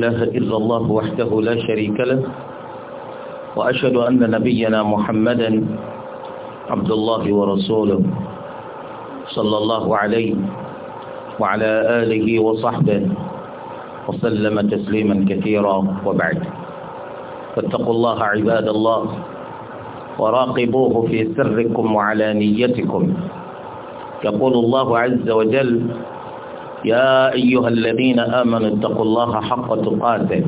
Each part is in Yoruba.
إله إلا الله وحده لا شريك له وأشهد أن نبينا محمدا عبد الله ورسوله صلى الله عليه وعلى آله وصحبه وسلم تسليما كثيرا وبعد فاتقوا الله عباد الله وراقبوه في سركم وعلانيتكم يقول الله عز وجل يا أيها الذين آمنوا اتقوا الله حق تقاته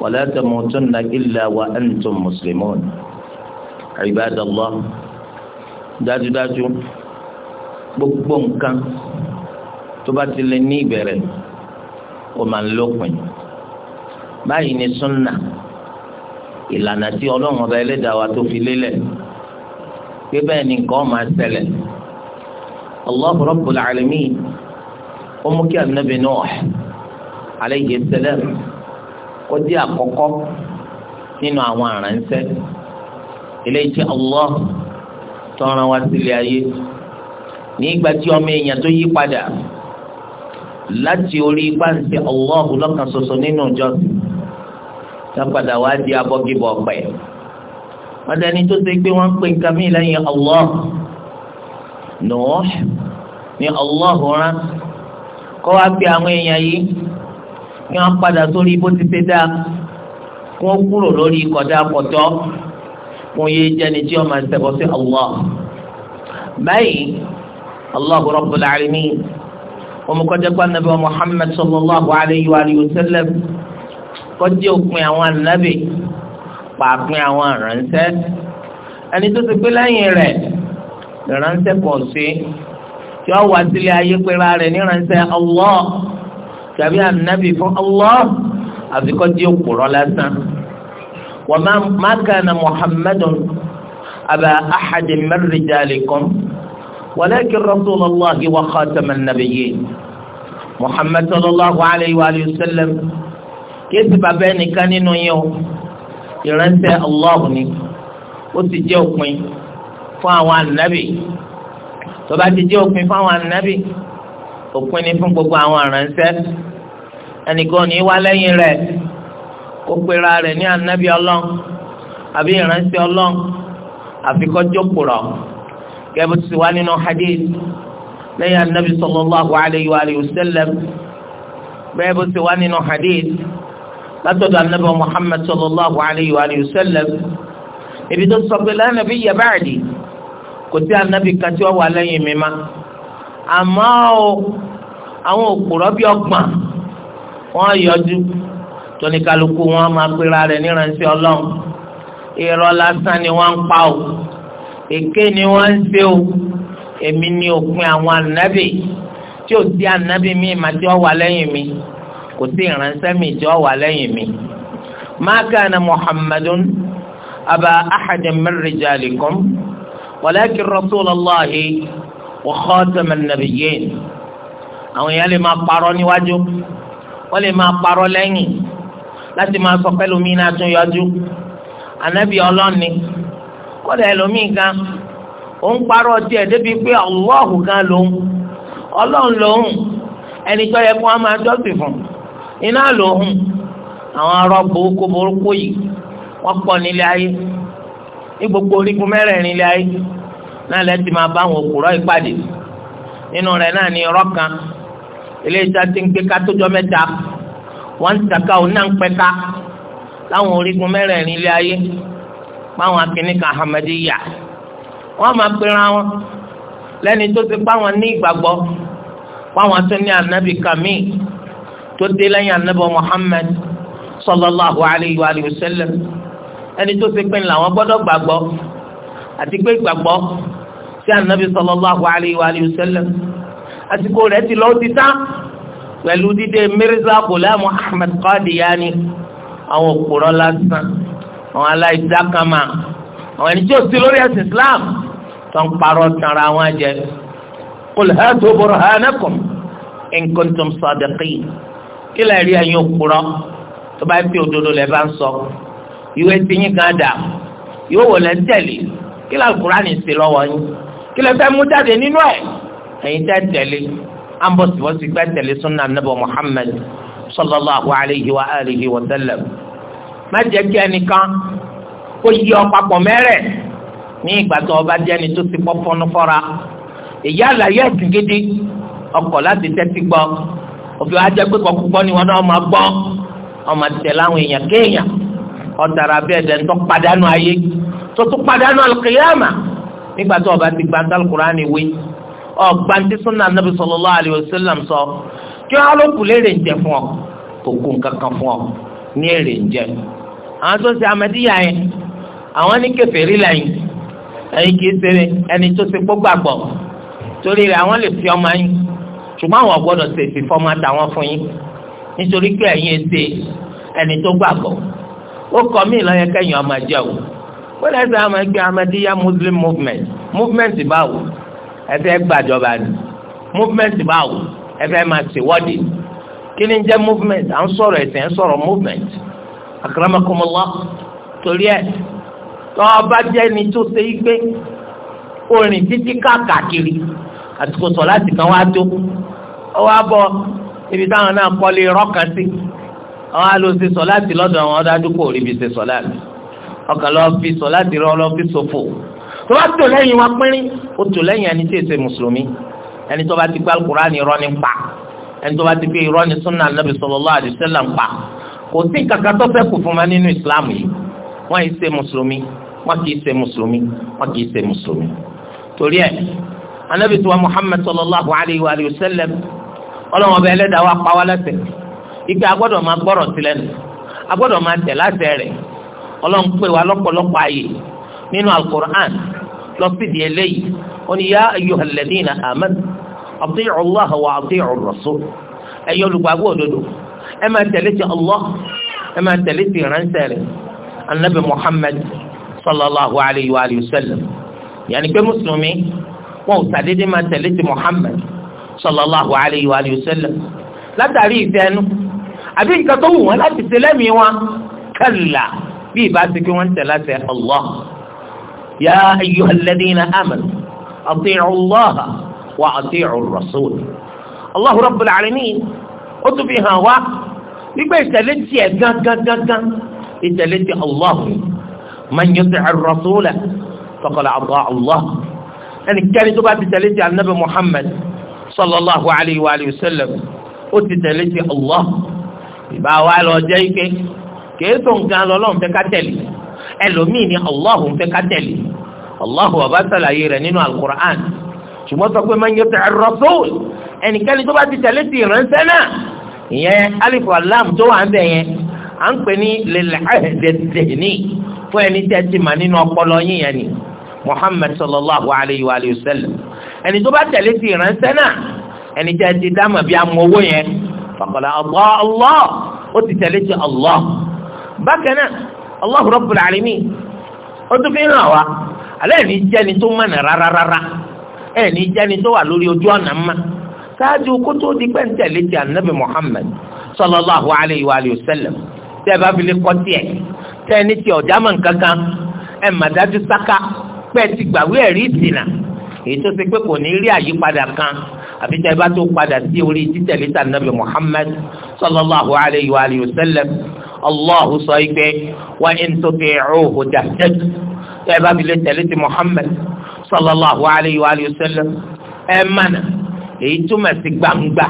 ولا تموتن إلا وأنتم مسلمون عباد الله dájú dájú gbogbo nǹkan tó bá ti lè ní ìbẹ̀rẹ̀ ó máa ń lópin báyìí ni súnà ìlànà tí ọlọ́run ọba ẹlẹ́dàá wa tó fi lélẹ̀ pé bẹ́ẹ̀ ni nǹkan máa ṣẹlẹ̀ Allahu Rabbul Alamin ó mú kí anabi Nuh alayhi salam kó di àkọ́kọ́ nínú àwọn aránṣẹ́ eléyìí tí Allah tó rán wá sílé ayé nígbà tí ọmọ èèyàn tó yí padà láti orí pàǹtí Allah lọ́kan ṣoṣo nínú ìjọsìn tó padà wá di abọ́gibọ̀ pẹ̀ wọ́n tó ṣe pé wọ́n ń pè nǹkan mí lẹ́yìn Allah Nuh ni Allah rán kọ́ wá pé àwọn èèyàn yìí kí wọ́n padà sórí bó ti ṣe dáa kí wọ́n kúrò lórí kọjá pọ̀tọ́ kí yé jẹ́ni tí wọ́n máa ṣẹ̀bọ̀ sí Allah. báyìí Allahu Rabbul Alamin omukọjá pa nàbẹ Muhammad sallallahu alayhi wa sallam kọjá òpin àwọn ànábì pàápín àwọn àránṣẹ́ ẹni tó ti pé lẹ́yìn rẹ̀ ìránṣẹ́ pọ̀ sí i tí ó wá sílé ayé pera rẹ̀ níránṣẹ́ Allah tàbí ànábì fún Allah àfikọ́ tí ó kúrọ́ lásán. wa ma kana Muhammadun aba ahadin min rijalikum walakin rasulallahi wa khataman nabiyyin Muhammad sallallahu alayhi wa sallam kìí sì bàbá ẹnìkan nínú yín o ìránṣẹ́ Allah ni ó ti jẹ́ òpin fún àwọn ànábì tó bá ti jẹ́ òpin fáwọn ànábì òpin ni fún gbogbo àwọn àránṣẹ́ ẹnìkan ní wá lẹ́yìn rẹ̀ kó pera rẹ̀ ní ànábì ọlọ́n àbí ìránṣẹ́ ọlọ́n àfikọ́ jókòrọ̀ kẹ́bù ti wá nínú hadith lẹ́yìn ànábì sallallahu alayhi wa sallam bẹ́ẹ̀ bó ti wá nínú hadith látọ̀dọ̀ ànábì Muhammad sallallahu alayhi wa sallam ibi tó sọ pé la nabiyya ba'di kò sí anabi kan tí wọ́n wà lẹ́yìn mi ma àmọ́ o àwọn òpùrọ́ bí ọgbọ̀n wọ́n yọjú tóníkàlùkù wọn máa pera rẹ̀ níránṣẹ́ ọlọ́run irọ́ lásán ni wọ́n ń pa o èké ni wọ́n ń ṣe o èmi ni òpin àwọn anabi tí ò sí anabi mi ma tí wọ́n wà lẹ́yìn mi kò sí ìránṣẹ́ mi tí wọ́n wà lẹ́yìn mi ma kana muhammadun aba ahadan min walakin rasulullahi wa khataman nabiyyin àwọn èèyàn lè máa parọ́ níwájú wọ́n lè máa parọ́ lẹ́yìn láti máa sọ pẹ́lú mi náà tún yọjú ànábì ọlọ́ni kódà ẹlòmíì gan ó ń parọ́ tiẹ̀ débi pé Allahu gan lòun ọlọ́run lòun ẹni tó yẹ kó wọ́n máa jọ́sìn fún iná lòun àwọn arọ́ burúkú burúkú yìí wọ́n pọ̀ nílé ayé ní gbogbo orígun mẹ́rẹ̀ẹ̀rin ilé ayé náà lẹ́tì máa bá àwọn òkúrọ̀ ìpàdé nínú rẹ̀ náà ní irọ́ kan ilé iṣẹ́ ti ń gbé ká tójọ́ mẹ́ta wọ́n ń tàka òun náà ń pẹ́ka láwọn orígun mẹ́rẹ̀ẹ̀rin ilé ayé páwọn akínní kan Ahmadiyya wọ́n máa pera wọn lẹ́ni tó ti páwọn ní ìgbàgbọ́ páwọn tó ní anabi kàmí tó dé lẹ́yìn anabi Muhammad sallallahu alayhi wa sallam ẹni tó ṣe pé làwọn gbọ́dọ̀ gbàgbọ́ àti pé gbàgbọ́ sí anabi sallallahu alayhi wa sallam àsìkò rẹ̀ ti lọ ti tán pẹ̀lú dídé mirza ghulam ahmed qadiani àwọn òpùrọ́ lásán àwọn aláìdákàmà àwọn ẹni tí ó sí lórí ẹ̀sìn islam tó ń parọ́ tanra wọn jẹ qul hatu burhanakum in kuntum sadiqin kí rí ẹ̀yin òpùrọ́ tó bá ń pè òdodo lẹ́ bá ń sọ ìwé ti yín kan dà yóò wò lẹ́ ń tẹ̀lé kí lóò kúránì sí lọ́wọ́ yín kí lóò fẹ́ mú jáde nínú ẹ̀ ẹ̀yin tẹ́ tẹ̀lé ambosibosi gbẹ́ tẹ̀lé sunna nebo Muhammad sallallahu alayhi wa alihi wa sallam má jẹ́ kí ẹnìkan kó yí ọ papọ̀ mẹ́rẹ̀ ní ìgbà tó ọba jẹ́ ni tó ti pọ́ fọ́nufọ́ra èyí àlàyé ẹ̀sìn gidi ọkọ̀ láti tẹ́tí gbọ́ òfin wa jẹ́ pé kọ́kú gbọ́ ni wọn náà máa gbọ́ ọmọ tẹ̀lé àwọn èèyàn kéèyàn ọ̀tara bẹ́ẹ̀ dẹ̀ ńtọ́ padànù ayé tó tún padànù alùkìyàmà nígbà tó ọba ti gbàǹtà alukurani wé ọgbàǹtì súnà nàbì sallallahu alayhi wa sallam sọ kí wọn alókù léèrè ń jẹ fún ọ kò kún kankan fún ọ ní èrè ń jẹ àwọn tó ṣe amadiya yẹn àwọn ní kèfèrí lẹ́yìn ẹ̀yin kì í ṣe ẹni tó ṣe gbọgbàgbọ torí rẹ̀ àwọn lè fi ọmọ yín ṣùgbọ́n àwọn gbọ́dọ̀ ó kọ́ mí lọ́yẹ kẹ́yìn ọmọ jẹ́ o wọ́n lẹ́sẹ̀ àwọn ẹgbẹ́ Ahmadiyya Muslim movement movement báwo ẹfẹ́ gbàjọba ni movement báwo ẹfẹ́ máa ṣèwọ́de kí ni jẹ́ movement à ń sọ̀rọ̀ ẹ̀sìn ń sọ̀rọ̀ movement akramakumullah torí ẹ̀ tó jẹ́ ni tó ṣe é gbé orin títí káàkiri àsìkò sọ̀ láti kan wá tó ọwọ́ abọ́ ibi táwọn náà kọ́lé rọ́ọ̀kan sí i àwọn alòsè sọláàtì lọ́dọ̀ àwọn ọ̀dájú kò ríbi ṣe sọláàtì ọkàn lọ fi sọláàtì rọ lọ fi ṣòfò tó bá tò lẹ́yìn wọn pínrín ó tò lẹ́yìn ẹni tí èsè mùsùlùmí ẹni tó bá ti gbá Al-Qur'ani irọ́ ní pa ẹni tó bá ti gbé irọ́ ní súnà nàbì sallallahu alaihi wasallam pa kò sí kankan tó fẹ́ kù fún wa nínú ìsìláàmù yìí wọ́n yìí ṣe mùsùlùmí wọ́n kì í ṣe mùsùlùmí wọ́n kì í ṣe mùsùlùmí torí ẹ̀ anabi tiwa Muhammad sallallahu wa sallam ọlọ́wọ́n bẹ́ẹ̀ lẹ́dàá wa pa wá lẹ́sẹ̀ẹ́ ìgbà agbọ́dọ̀ máa gbọ́rọ̀ sí lẹ́nu agbọ́dọ̀ máa tẹ̀ láti rẹ̀ ọlọ́run pè wá lọ́pọ̀lọpọ̀ ààyè nínú alukur'an lọ sí di eléyìí ó ní yá ayyuhal ladina amanu ati'u Allah wa ati'u ar-rasul ẹ̀yọ́ olùgbàgbọ́ òdodo ẹ máa tẹ̀lé ti Allah ẹ máa tẹ̀lé ti ìránṣẹ́ rẹ̀ anabi Muhammad sallallahu alayhi wa sallam yàní pé mùsùlùmí wọn ò sàdédé máa tẹ̀lé ti Muhammad sallallahu alayhi wa sallam látàrí ìfẹ́ ẹnu àbí nǹkan tó wù wọ́n láti ṣe lẹ́mí wọn kàlà bí ìbá ti kí wọ́n tẹ̀lé àṣẹ Allah ya ayyuhal ladhina amanu ati'u Allah wa ati'u ar-rasul Allahu rabbul alamin ó tún fi hàn wá wípé ìtẹ̀lé tiẹ̀ gángangangan ìtẹ̀lé ti Allah man yuti'u ar-rasul faqad ata Allah kẹ́ni tó bá ti tẹ̀lé ti anabi Muhammad sallallahu alayhi wa sallam ó ti tẹ̀lé ti Allah. ìbá wa lọ jẹ́ ike kéétò nǹkan lọ́lọ́run fẹ́ ká tẹ̀lé ẹlòmíì ni Allahu fẹ́ ká tẹ̀lé Allahu ọba sàlàyé rẹ̀ nínú alukur'an ṣùgbọ́n sọ pé máa ń yẹ tẹ̀ rasul ẹnikẹ́ni tó bá ti tẹ̀lé ti ránṣẹ́ náà ìyẹn alifu alam tó wà ń bẹ̀ yẹn à ń pè ní lẹ́lẹ́ àhẹ́dẹ́dẹ́ fún ẹni tẹ́ ti mà nínú ọpọlọ yín yẹn ni muhammed sallallahu alayhi wa sallam ẹni tó bá tẹ̀lé ti ránṣẹ́ náà ẹni tẹ́ ti dámọ̀ fàkọlá allah allah ó ti tẹ̀lé ti allah bákan náà allah rabbul alamin ó tún fi hàn wá alẹ́ ní jẹ́ni tó mọ̀nà rárára ẹ̀ ní jẹ́ni tó wà lórí ojú ọ̀nà mọ́ ṣáájú kó tó di pẹ́ ń tẹ̀lé ti anabi muhammad sallallahu alayhi wa alayhi wa sallam tẹ́ ẹ bá fi lè kọ́ tiẹ̀ tẹ́ ẹ tiẹ̀ ọ̀já mọ̀ nǹkan ẹ̀ mà dájú sáká pẹ́ ti gbàwé ẹ̀rí ìsìn èyí tó ṣe pé kò ní rí àyípadà kan àfi tẹ́ ẹ bá tó padà sí orí títẹ̀lé ta nàbì Muhammad sallallahu alayhi wa alihi wa sallam allahu sọ ìgbẹ wa in tuti'uhu tahtadu tẹ́ ẹ bá fi lè tẹ̀lé ti Muhammad sallallahu alayhi wa alihi wa sallam ẹ mànà èyí túmọ̀ sí gbangba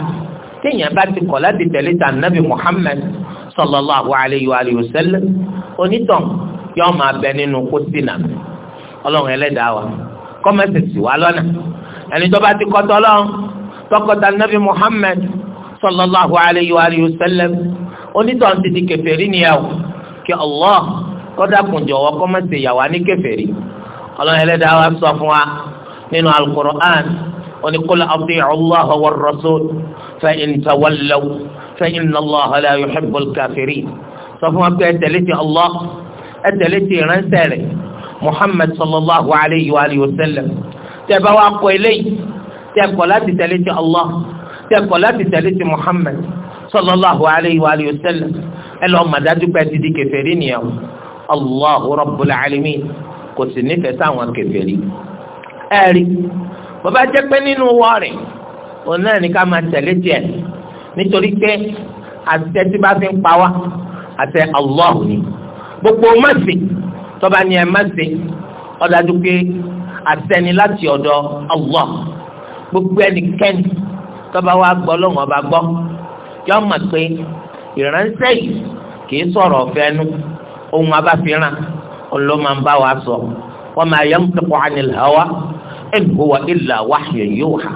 téèyàn bá ti kọ̀ láti tẹ̀lé ta nàbì Muhammad sallallahu alayhi wa alihi wa sallam onítàn yóò máa bẹ nínú kó sínà ọlọ́run ẹlẹ́dàá wa kọ́mẹ́sì sì wá lọ́nà ẹni tó bá ti kọ́ tọ́lọ́n tọkọta nabi muhammed sallallahu alayhi wa sallam onítọ̀ ti di kèfèrí nìyàwó kí allah kọ́dà kùnjọ wọ kọ́mẹ́sì yàwá ní kèfèrí ọlọ́run ẹlẹ́dàá wa sọ fún wa nínú alukur'an oníkóló abdul allah wa rasul fa in tawallaw fa inna allah la yuhibbul kafirin sọ fún wa pé ẹ tẹ̀lé ti allah ẹ tẹ̀lé ti ìránṣẹ́ rẹ̀ muhammad sallallahu alayhi wa alihi wa sallam tẹ́ bá wá kọ́ eléyìí tẹ́ kọ̀ láti tẹ̀lé ti allah tẹ́ kọ̀ láti tẹ̀lé ti muhammad sallallahu alayhi wa alihi wa sallam ẹ lọ mà dájú pé ti di kèfèrí nìyẹn o allahu rabbul alamin kò sì nífẹ̀ẹ́ sáwọn kèfèrí ẹ bàbá jẹ́ pé nínú wọ́ọ̀rì òun náà ní ká máa tẹ̀lé tiẹ̀ nítorí pé àṣẹ tí bá fi ń pa wá àṣẹ allah ni gbogbo mọ̀sìn tọ́ba ni ẹ má ṣe ọ̀dájú pé àtẹni láti ọ̀dọ̀ Allah gbogbo ẹnikẹ́ni tọ́ba wa gbọ́ lọ́wọ́ ọba gbọ́ yọ mọ̀ pé ìránṣẹ́ yìí kìí sọ̀rọ̀ fẹ́nu ohun abáfíran ló máa ń bá wa sọ wa ma yantiqu anil hawa in huwa illa wahyun yuha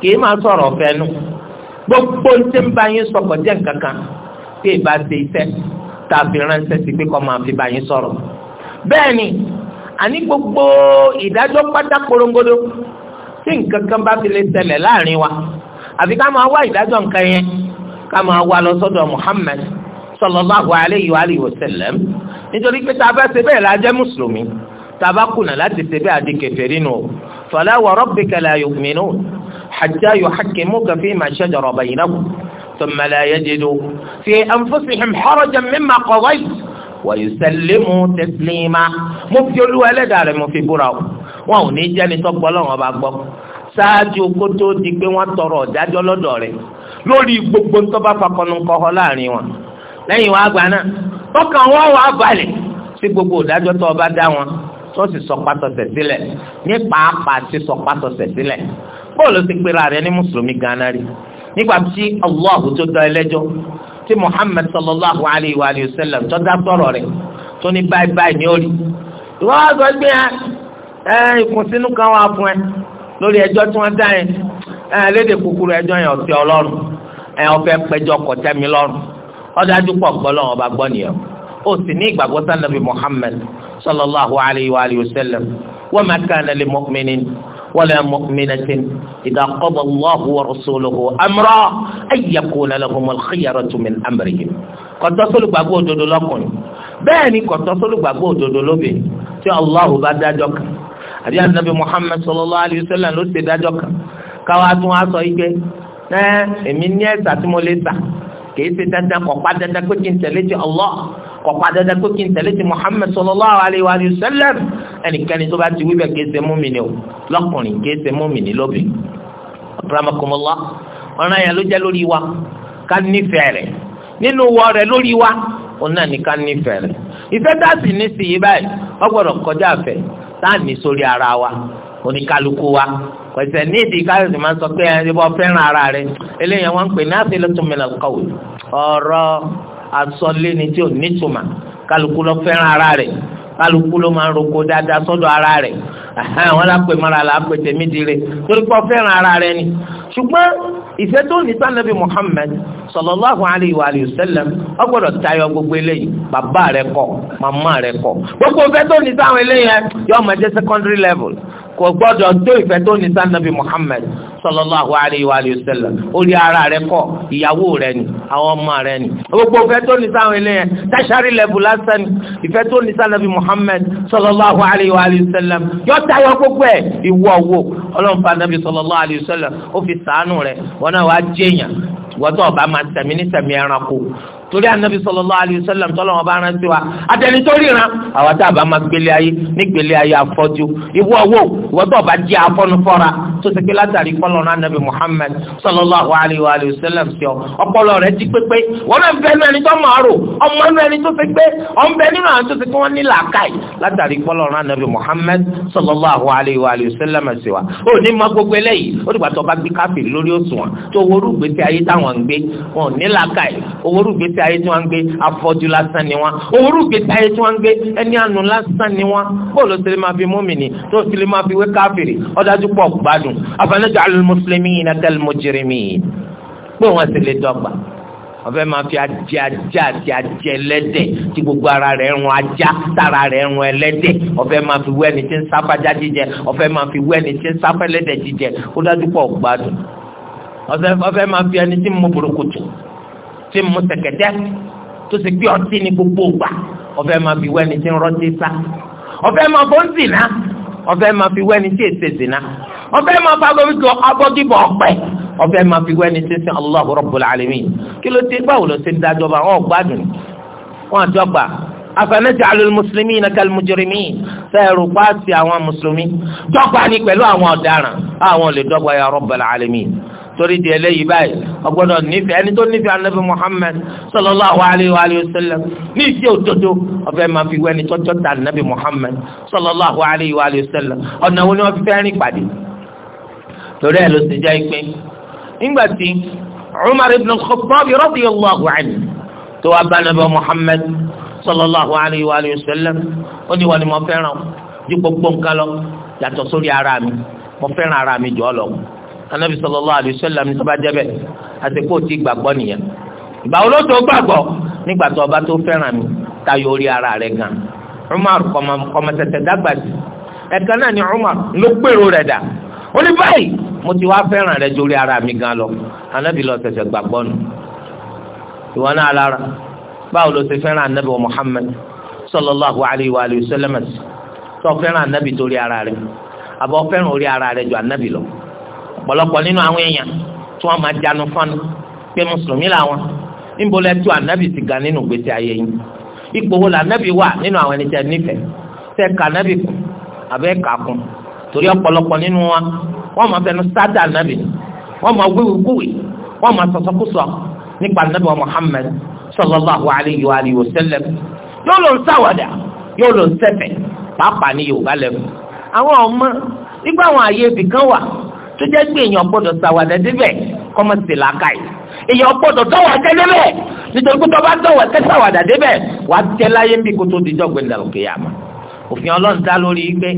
kìí máa sọ̀rọ̀ fẹ́nu gbogbo tí ń bá yín sọ̀kọ̀ jẹ́ nǹkan tí ì bá ṣe iṣẹ́ tàbí ránṣẹ́ sí pé kọ́ máa fi bá yín sọ̀rọ̀ bẹ́ẹ̀ ni àní gbogbo ìdájọ́ pátá korongodo tí nǹkan kan bá fi lè ṣẹlẹ̀ láàrin wa àfi ká máa wá ìdájọ́ nǹkan yẹn ká máa wá lọ sọ́dọ̀ Muhammad sallallahu alayhi wa alihi wa sallam nítorí pé tá a bá ṣe bẹ́ẹ̀ la jẹ́ mùsùlùmí tá a bá kùnà láti ṣe bẹ́ẹ̀ àti kèfèrí nù fala wa rabbika la yu'minun hatta yuhakkimuka fima shajara baynahum thumma la yajidu fi anfusihim harajan mimma qadayta wa yusallimu taslima mo fi olúwa ẹlẹ́dàá rẹ̀ mo fi búra o wọn ò ní jẹ́ni tó gbọ́ lọ́wọ́ bá gbọ́ ṣáájú kó tó di pé wọ́n tọrọ ọ̀dájọ́ lọ́dọ̀ rẹ̀ lórí gbogbo ń tọ́ba fakọ́nu kọ́họ́ láàrin wọn lẹ́yìn wọn àgbà náà tọkàn wọn wà balẹ̀ sí gbogbo ìdájọ́ tó ọba dá wọn tó sì sọ pátọ̀sẹ̀ sílẹ̀ ní pàápàá ti sọ pátọ̀sẹ̀ sílẹ̀ bóòlù ti pera rẹ̀ ní mùsùlùmí ganan nígbà tí Allahu tó dá ẹlẹ́jọ́ tí Muhammad sallallahu alayhi wa sallam tó dá sọ̀rọ̀ rẹ̀ tó ní báyìí báyìí ní orí ìwọ́n wá sọ gbé ẹ ìkùnsínú kan wà fún ẹ lórí ẹjọ́ tí wọ́n dá yẹn ẹ léde kúkúrú ẹjọ́ yẹn ọ̀fẹ́ ọlọ́run ẹ ọ̀fẹ́ pẹjọ kọ̀tẹ́mi lọ́rùn ọ̀dájú pọ̀ gbọ́lọ́ ọba gbọ́ nìyẹn ó sì ní ìgbàgbọ́ sanabi Muhammad sallallahu alayhi wa sallam wa ma kana li mu'minin ولا مؤمنة إذا قضى الله ورسوله أمرا أن يكون لهم الخيرة من أمرهم kò tọ́ sólùgbàgbọ́ òdodo lọ́kùnrin bẹ́ẹ̀ ni kò tọ́ sólùgbàgbọ́ òdodo lóbìnrin tí Allahu bá dájọ́ kan àbí anabi Muhammad sallallahu alayhi wa sallam ló ṣe dájọ́ kan káwa tún wá sọ igbe ẹ èmi ní ẹ̀sà tí mo lè sà kì í ṣe dandan kọ̀ pa dandan pé kí n tẹ̀lé ti Allah kọ̀pá dandan pé kí n tẹ̀lé ti Muhammad sallallahu alayhi wa sallam ẹnikẹ́ni tó bá ti wí bẹ́ẹ̀ kìí ṣe múmìnì o lọ́kùnrin kìí ṣe múmìnì lóbìn akramakumullah ọ̀ràn yẹn ló jẹ́ lórí wa ká nífẹ̀ẹ́ rẹ̀ nínú wọ rẹ̀ lórí wa òun náà ní ká nífẹ̀ẹ́ rẹ̀ ìfẹ́ tá a sì ní sí yìí báyìí wọ́n gbọ́dọ̀ kọjá àfẹ́ tá a sórí ara wa oníkálukú wa pẹ̀sẹ̀ ní ìdí káyọ̀sì máa ń sọ pé ẹni bọ́ fẹ́ràn ara rẹ̀ eléyìí ń pè ní àfẹ́lẹ́tùmílẹ̀ kọ̀wé ọ̀rọ̀ asọ́lé ni tí ò nítumà kálukú lọ fẹràn ara rẹ̀ kálukú ló máa ń roko dáadáa sọ́dọ̀ ara rẹ̀ wọn lápè mọ́ra la pè tèmi dire torí fẹràn ara rẹ̀ ni ṣùgbọ́n ìfẹ́ tó ní sànàbí Muhammad sallallahu alayhi wa sallam ọgbọdọ gbọ́dọ̀ tayọ gbogbo eléyìí bàbá rẹ̀ kọ́ màmá rẹ̀ kọ́ gbogbo ìfẹ́ tó ní sáwọn eléyìí yọ ọmọ jẹ́ secondary level kò gbọdọ tó ìfẹ́ tó ní sànàbí Muhammad sallallahu alayhi wa sallam orí ara rẹ̀ kọ́ ìyàwó rẹ̀ ni àwọn ọmọ rẹ̀ ni gbogbo ìfẹ́ tó ní sáwọn ilé yẹn táṣárí lẹ́bù lásán ni ìfẹ́ tó ní sáwọn nàbí Muhammad sallallahu alayhi wa sallam yọ tayọ gbogbo ẹ̀ ìwọ wo ọlọ́nfà nàbí sallallahu alayhi wa sallam ó fi sàánù rẹ̀ wọn náà wá jẹ́yàn wọ́n tó ọba máa tẹ̀mí ní tẹ̀mí ẹranko torí anabi sallallahu alayhi wa sallam tọ́lọ́ wọn bá rán sí wa àtẹni tó ríran àwa tá a bá máa gbélé ayé ní gbélé ayé afọ́jú ìwọ wo ìwọ tó bá jẹ́ afọ́nufọ́ra tó ti pé látàrí kọ́lọ́run anabi muhammad sallallahu alayhi wa sallam sí ọ ọpọlọ rẹ ti pépé wọn náà bẹ nínú ẹni tó máa rò ọmọ nínú ẹni tó ti pé ọmọ bẹ nínú àwọn tó ti pé wọn ní làákàyè látàrí kọ́lọ́run anabi muhammad sallallahu alayhi wa sallam sí wa ó ní ma gbogbo eléyìí ó dìgbà tó bá gbé káfíìn lórí òṣùwọ̀n tó owó rúgbèsè ayé táwọn ń ayé tí wọ́n ń gbé afọ́jú lásán ni wọ́n òwúrú gbèsè ayé tí wọ́n ń gbé ẹni àánú lásán ni wọ́n bóòlù sílẹ̀ máa fi múmìnì tó sílẹ̀ máa fi wé káfìrì ọ̀dájú pọ̀ gbádùn àfẹnẹ́jọ́ alùmùsùlùmí iná kẹlẹ́mọ̀jẹrẹmí pé wọ́n sì lè dọ́gba ọ̀fẹ́ máa fi ajẹ́ ajẹ́ àti ajẹ́ ẹlẹ́dẹ̀ tí gbogbo ara rẹ̀ ń rún ajá tára rẹ̀ ń rún ẹlẹ́dẹ̀ ọ̀fẹ́ máa fi wẹ́ni tí ń sáfájá jíjẹ ọ̀fẹ́ máa fi wẹ́ni tí ń sáfẹ́lẹ́dẹ̀ jíjẹ ó dájú pọ̀ gbádùn ọ̀fẹ́ máa fi ẹni tí ń mú burúkutu tí mo tẹ̀kẹ̀tẹ̀ tó ṣe pé ọtí ni gbogbo gbà ọfẹ́ máa fi wẹ́ni tí ń rọ́tí sá ọfẹ́ máa bọ́ ń zìnà ọfẹ́ máa fi wẹ́ni tí èsè zìnà ọfẹ́ máa fa gbogbo abọ́gibọ̀ ọ̀pẹ ọfẹ́ máa fi wẹ́ni tí sin Allahu Rabbul Alamin kí ló báwo ló ti ń dájọ́ bá wọn gbádùn wọn àjọgbà afanaj'alul muslimina kal mujrimin sẹ́ẹ̀rù pàṣẹ àwọn mùsùlùmí dọ́gba ni pẹ̀lú àwọn ọ̀daràn àwọn olè dọ́gba ya Rabbul Alamin torí di ẹlẹ́yìí báyìí ọgbọ́dọ̀ nífẹ̀ẹ́ ẹni tó nífẹ̀ẹ́ anabi muhammed sallallahu alayhi wa sallam ní ìfẹ́ òdodo ọ̀fẹ́ máa fi wẹ́ni tọ́jọ́ ta anabi muhammed sallallahu alayhi wa sallam ọ̀nà wo ni wọ́n fi fẹ́ rìn pàdé torí ẹ̀ ló ti jẹ́ ìpín nígbà tí umar ibn al-khattab radiyallahu anhu tó wá bá anabi muhammed sallallahu alayhi wa sallam ó ní wọn ni mo fẹ́ràn ju gbogbo nǹkan lọ yàtọ̀ sórí ara mi mo fẹ́ràn ara mi jù ọ́ anabi sallallahu alayhi wa sallam ní sọba jẹbẹ àti kó o ti gbàgbọ́ nìyẹn ìgbà wo ló tó gbàgbọ́ nígbà tó ọba tó fẹ́ràn mi táyọ orí ara rẹ̀ gan umar kọmọtẹtẹ dàgbà sí ẹ̀ka náà ni umar ló pèrò rẹ̀ dà ó ní báyìí mo ti wá fẹ́ràn rẹ̀ jórí ara mi gan lọ anabi lọ tẹ̀sẹ̀ gbàgbọ́ nù ìwọ náà lára báwo ló ti fẹ́ràn anabi wa muhammed sallallahu alayhi wa sallam tó fẹ́ràn anabi torí ara rẹ̀ àbọ̀ fẹ́ràn orí ọ̀pọ̀lọpọ̀ nínú àwọn èèyàn tí wọ́n máa jánu fánu pé mùsùlùmí làwọn níbo lẹ tú ànábì ti ga nínú gbèsè ayé yín ipò wo lànábì wà nínú àwọn ẹni tẹ nífẹ̀ẹ́ tẹ ka ànábì kù àbẹ kà kù torí ọ̀pọ̀lọpọ̀ nínú wa wọ́n máa fẹnu sáádà ànábì wọ́n máa wíwí kúwì wọ́n máa sọ̀sọ́kúsọ nípa ànábì wa Muhammad sallallahu alayhi wa alihi wa sallam yóò lọ ṣàwàdà yóò lọ ṣẹ̀fẹ̀ pàápàá ní Yorùbá lẹ́nu àwọn ọmọ nígbà àwọn àyè ibì kan wà tó jẹ́ pé èèyàn gbọ́dọ̀ ṣàwàdà débẹ̀ kọ́mọ sí làákà yìí èèyàn gbọ́dọ̀ tọ̀wàtẹ́ débẹ̀ nítorí pé tọ́ba tọ̀wàtẹ́ ṣàwàdà débẹ̀ wàá tẹ́ láyé ń bí kótó díjọ́ gbẹ̀dàlùkè yàmà òfin ọlọ́run dá lórí pé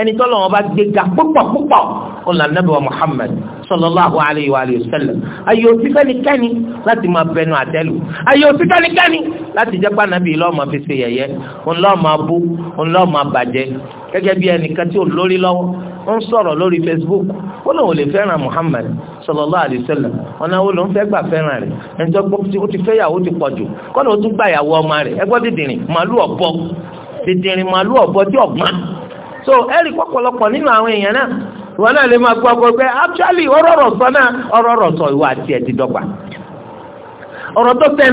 ẹni tọ́lọ̀ wọn bá gbé ga púpọ̀ púpọ̀ ọ̀là nàbẹ̀wá Muhammad sallallahu alayhi wa sallam ayé òsì kẹ́nikẹ́ni láti máa bẹnu àtẹ́lù ayé òsì kẹ́nikẹ́ni láti jẹ́ pé ànábì lọ́ọ̀mà fi ṣe yẹ̀yẹ́ ńlọ́ọ̀mà bú ńlọ́ọ̀mà bàjẹ́ gẹ́gẹ́ bí ẹnìkan tí ò lórí lọ́wọ́ ń sọ̀rọ̀ lórí Facebook ó lóun ò lè fẹ́ràn Muhammad sallallahu alaihi wasallam ọ̀nà wo ló ń fẹ́ gbà fẹ́ràn rẹ̀ ẹnjọ́ gbọ́ tí ó ti fẹ́ ti pọ̀ so erik pọ̀pọ̀lọpọ̀ nínú àwọn èèyàn náà wọn náà lè máa gbọ́ ọgbọ́ actually ọ̀rọ̀ sọ náà ọ̀rọ̀ sọ ìwọ àti ẹ̀ ti dọ́gba ọ̀rọ̀ tó tẹ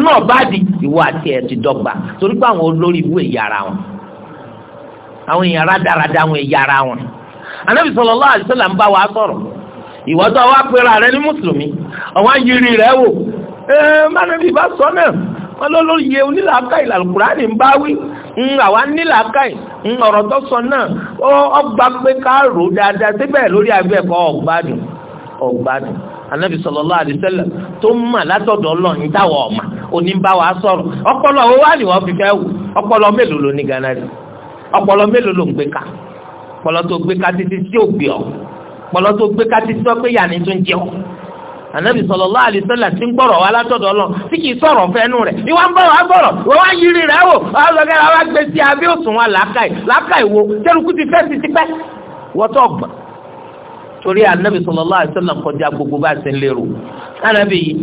di ìwọ àti ẹ̀ ti dọ́gba torí pé àwọn olórí wọn àwọn èèyàn àwọn wọn anábì sallallahu alaihi wasallam ń bá wa ìwọ tó wá pera yiri rẹ wò ẹ mánàbí sọ náà wọn yẹ ń bá ń àwa nílà káì ń ọ̀rọ̀ tó sọ náà ó ọgbà pé ká rò dáadáa síbẹ̀ lórí abẹ́ẹ̀kọ́ ọ̀gbádùn ọ̀gbádùn anabi sallallahu alaihi tó ń mà látọ̀dọ̀ ọlọ́run táwọn ọ̀mà sọ̀rọ̀ ọpọlọ owó wà ní wọ́n fi fẹ́ wù ọpọlọ mélòó ló ní rí ọpọlọ mélòó ló ń gbé ká ọ ọpọlọ tó gbé ká títí ọ anabi sallallahu alaihi wasallam ti ń gbọ́rọ̀ wa látọ̀dọ̀ lọ tí kì í sọ̀rọ̀ fẹ́nu rẹ̀ ìwà ń bọ̀rọ̀ àbọ̀rọ̀ wọ́n wá yiri rẹ̀ wò ọlọ́gẹ́ wa gbé sí abẹ́ òsùn wa làákàì làákàì wo tẹ́lukú ti fẹ́ sí tipẹ́ wọ́tọ̀ gbà torí anabi sallallahu alaihi wasallam kọjá gbogbo bá ṣe lérò anabi yìí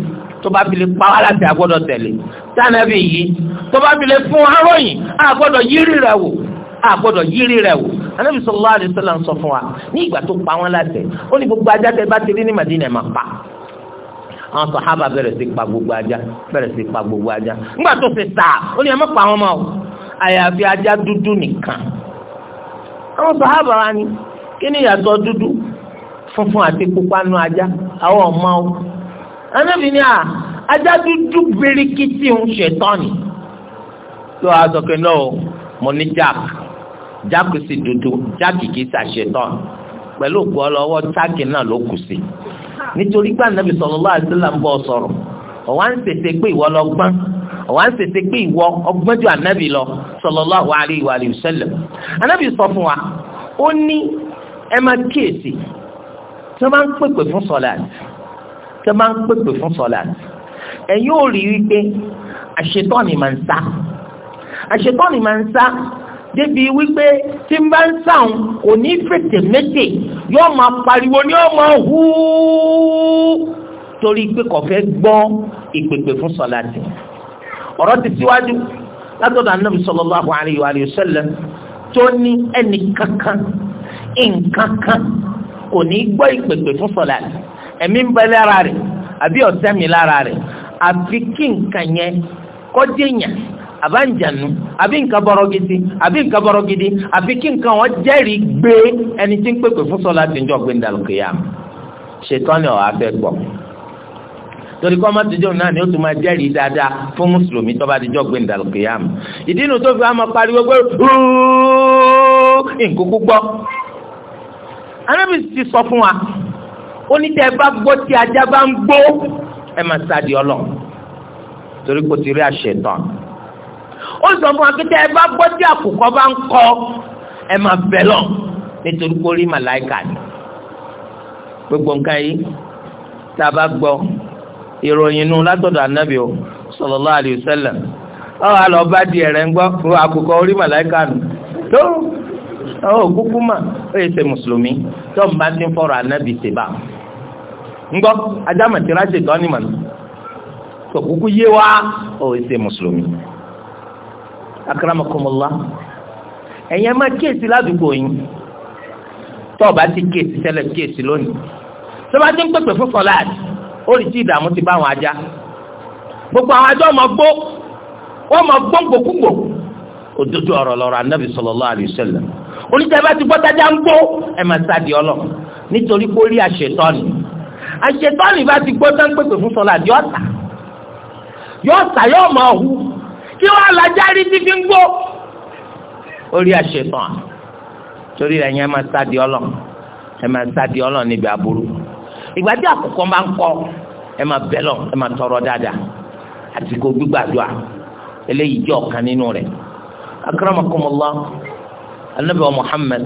tó bá fi lè pa wá láti àgbọ́dọ̀ tẹ̀lé tànàbí yìí tó bá fi lè fún aróyìn àgbọ́dọ̀ yírí rẹ̀ wò àgbọ́dọ̀ yírí rẹ̀ wò anabi sallallahu alaihi sọ fún wa ní ìgbà tó pa wọn ó ní gbogbo ajá tẹ bá ti rí ní Madina ẹ̀ pa àwọn sàhábà bẹ̀rẹ̀ sí pa gbogbo ajá bẹ̀rẹ̀ sí pa gbogbo ajá nígbà tó ṣe tà ó ní ẹ má pa àwọn ọmọ o àyàfi ajá dúdú nìkan àwọn sàhábà wa ni kí ni ìyàtọ̀ dúdú funfun àti pupa nu ajá àwọn ọmọ o anábì ni à ajá dúdú birikiti ń ṣètọ́ni tó a sọ pé náà mo ní jack jack sì dúdú jack kì í ṣàṣetọ́ni pẹ̀lú òkú ọlọ́wọ́ táàkì náà ló kù sí nítorí pé ànábì sallallahu alaihi wasallam ń bọ̀ sọ̀rọ̀ ọ̀wá ń ṣèṣe pé ìwọ lọ gbọ́n ọ̀wá ń ṣèṣe pé ìwọ ọgbọ́n ju ànábì lọ sallallahu alaihi wa alihi wasallam ànábì sọ fún wa ó ní ẹ máa kíyèsí tí wọ́n bá ń pèpè fún sọ̀láàtì tí wọ́n bá ń pèpè fún sọ̀láàtì ẹ̀yin ò rí wípé àṣetọ́ni máa ń sá àṣetọ́ni máa ń sá débi wípé tí n bá ń sàn kò ní fètè méjì yóò máa pariwo ní ọmọ hú torí pé kò fẹ́ gbọ́ ìpèpè fún sọláàtì ọ̀rọ̀ ti síwájú látọ̀dọ̀ anábì sallallahu alayhi wa sallam tó ní ẹnì kankan nǹkan kan kò ní gbọ́ ìpèpè fún sọláàtì ẹ̀mí ń bẹ lára rẹ̀ àbí ọ̀sẹ̀ mi lára rẹ̀ àfi kí nǹkan yẹn kọ́ àbájánu àbí nǹkan bọ̀rọ̀ gidi àbí nǹkan bọ̀rọ̀ gidi àbí kí nǹkan wọn jẹ́rìí gbé ẹni tí ń pèpè fún sọ́lá ti ń jọ gbé ndàlùkìyà ṣètọ́ni ọ̀ afẹ́ gbọ́ torí kọ́ máa tijọ́ náà ni ó tún máa jẹ́rìí dáadáa fún mùsùlùmí tó bá tijọ́ gbé ndàlùkìyàmù ìdí inú tó fi máa pariwo pé nkókó gbọ́. anábì ti sọ fún wa ó ní tẹ́ bá gbọ́ tí ajá bá ń gbó ẹ máa sáàdì ọlọ torí kò ti rí àṣẹ tán ó sọ fún wa pé akụkọ ẹ bá gbọ́ tí àkùkọ bá ń kọ ẹ máa bẹ̀ lọ nítorí pé rí màláìkà ni gbogbo nǹkan o sallallahu alaihi wasallam ọ wà lọ bá di ẹ̀rẹ̀ ń gbọ́ fún àkùkọ orí màláìkà nù tó ọ kúkú mà ó yẹ ṣe mùsùlùmí tó ń bá ti ń fọ̀rọ̀ ń gbọ́ wa ó yẹ akaramakomola ẹ̀yin ẹ máa kíyèsí ládùúgbò yín tó o bá ti kíyèsí tẹ́lẹ̀ kíyèsí lónìí tó bá ti ń pèpè fún fọláàdì ó lè tí ìdààmú ti bá àwọn ajá gbogbo àwọn ajá ọmọ gbó wọn mọ gbọǹgbòkúgbò òdodo ọ̀rọ̀ lọ̀rọ̀ anabi sallallahu alaihi wasallam oníṣẹ́ bá ti gbọ́tajà ń gbó ẹ máa sáà di ọlọ nítorí pé ó rí àṣetọ́ni àṣetọ́ni bá ti gbọ́tà ń pèpè fún sọlá di ọ̀tà yọ̀ọ̀tà yọ̀ọ̀ máa hu tí wọ́n alájà rí ti fi ń gbó. orí àṣetàn torí rẹ̀ yẹn máa sáàdì ọlọ́n ẹ máa sáàdì ọlọ́n níbi aburú ìgbà tí àkókò máa ń kọ ẹ máa bẹ́lọ̀ ẹ máa tọrọ dáadáa àsìkò gbígbàdúrà eléyìí jẹ́ ọ̀kan nínú rẹ̀ akramakumullah anabi wa muhammad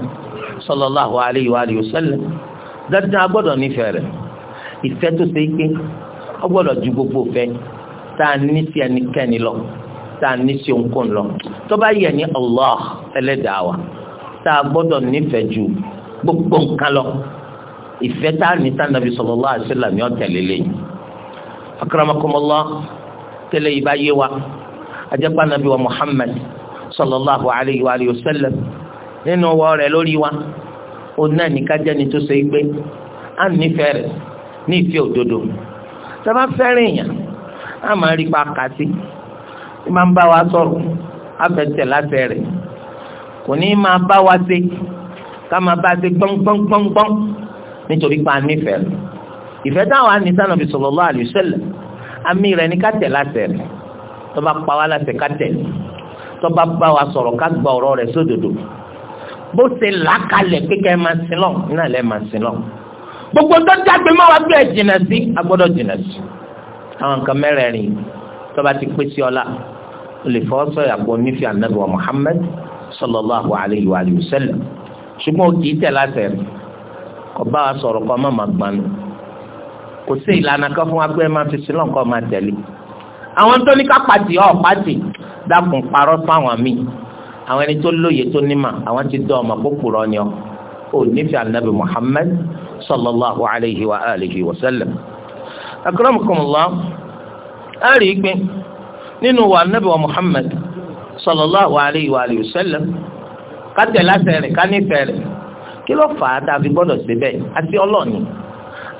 sallallahu alayhi wa alihi wa sallam dandan agbọ́dọ̀ nífẹ̀ẹ́ rẹ̀ ìfẹ́ tó ṣe é pé ọgbọ́dọ̀ ju gbogbo fẹ́ tá a ní sí ẹnikẹ́ni lọ tá a ní sí ohunkóhun lọ tó bá yẹ ní Allah ẹlẹ́dàá wa tá a gbọ́dọ̀ nífẹ̀ẹ́ ju gbogbo nǹkan lọ ìfẹ́ tá a ní tá nàbí sallallahu alaihi wasallam ní ọ̀tẹ̀ lélẹ̀ yìí akramakumullah tẹ́lẹ̀ yìí bá yé wa ajẹ́pá nàbí wa Muhammad sallallahu alaihi wa alihi wasallam nínú wọ́ rẹ̀ lórí wa ó náà ní kájẹ́ni tó ṣe é gbé á nífẹ̀ẹ́ rẹ̀ ní ìfẹ́ òdodo tá bá fẹ́ràn èèyàn á máa rí pa kàtí tí máa ń bá wa sọ̀rọ̀ afẹsẹ láti rẹ kò ní máa bá wa ṣe ká máa bá ṣe gbọngbọngbọngbọn nítorí pa nífẹ̀ẹ́ rẹ ìfẹ́ táwọn anisanu fi sallallahu alaihi wasallam àmì rẹ ní ká tẹ̀ láti rẹ tó bá pa wá láti ká tẹ̀ tó bá bá wa sọ̀rọ̀ ká gba ọ̀rọ̀ rẹ̀ sódodo bó ṣe làákàlẹ̀ kíkẹ́ máa sin lọ náà lẹ́ máa lọ gbogbo tó dàgbé máa wá bẹ́ẹ̀ jìnnà sí agbọ́dọ̀ jìnnà sí àwọn nǹkan mẹ́rẹ̀ẹ̀rin tó ti pèsè ọlá o lè fọ́ sọ̀yà pọ̀ nífẹ̀ẹ́ anabi wa muhammed sallallahu alayhi wa sallam ṣùgbọ́n o kì í tẹ̀ láti rẹ̀ kò bá wa sọ̀rọ̀ kọ́ má máa gbanu kò sí ìlànà kan fún wa pé má fi sílọ̀ kọ́ máa tẹ̀lé àwọn tó ní ká pàtì ọ̀ pàtì dákun parọ́ fáwọn míì àwọn ẹni tó lóye tó nímà àwọn ti dán ọmọ kókòrò ni ọ ò nífẹ̀ẹ́ anabi muhammed sallallahu alayhi wa sallam akramakumullah a rí i pé nínú wa nabi wa muhammad sallallahu alayhi wa alayhi wa sallam ká tẹ̀lé àṣẹ rẹ̀ ká nífẹ̀ẹ́ rẹ̀ kí ló fà á tàbí gbọ́dọ̀ ṣe bẹ́ẹ̀ àti ọlọ́ọ̀ni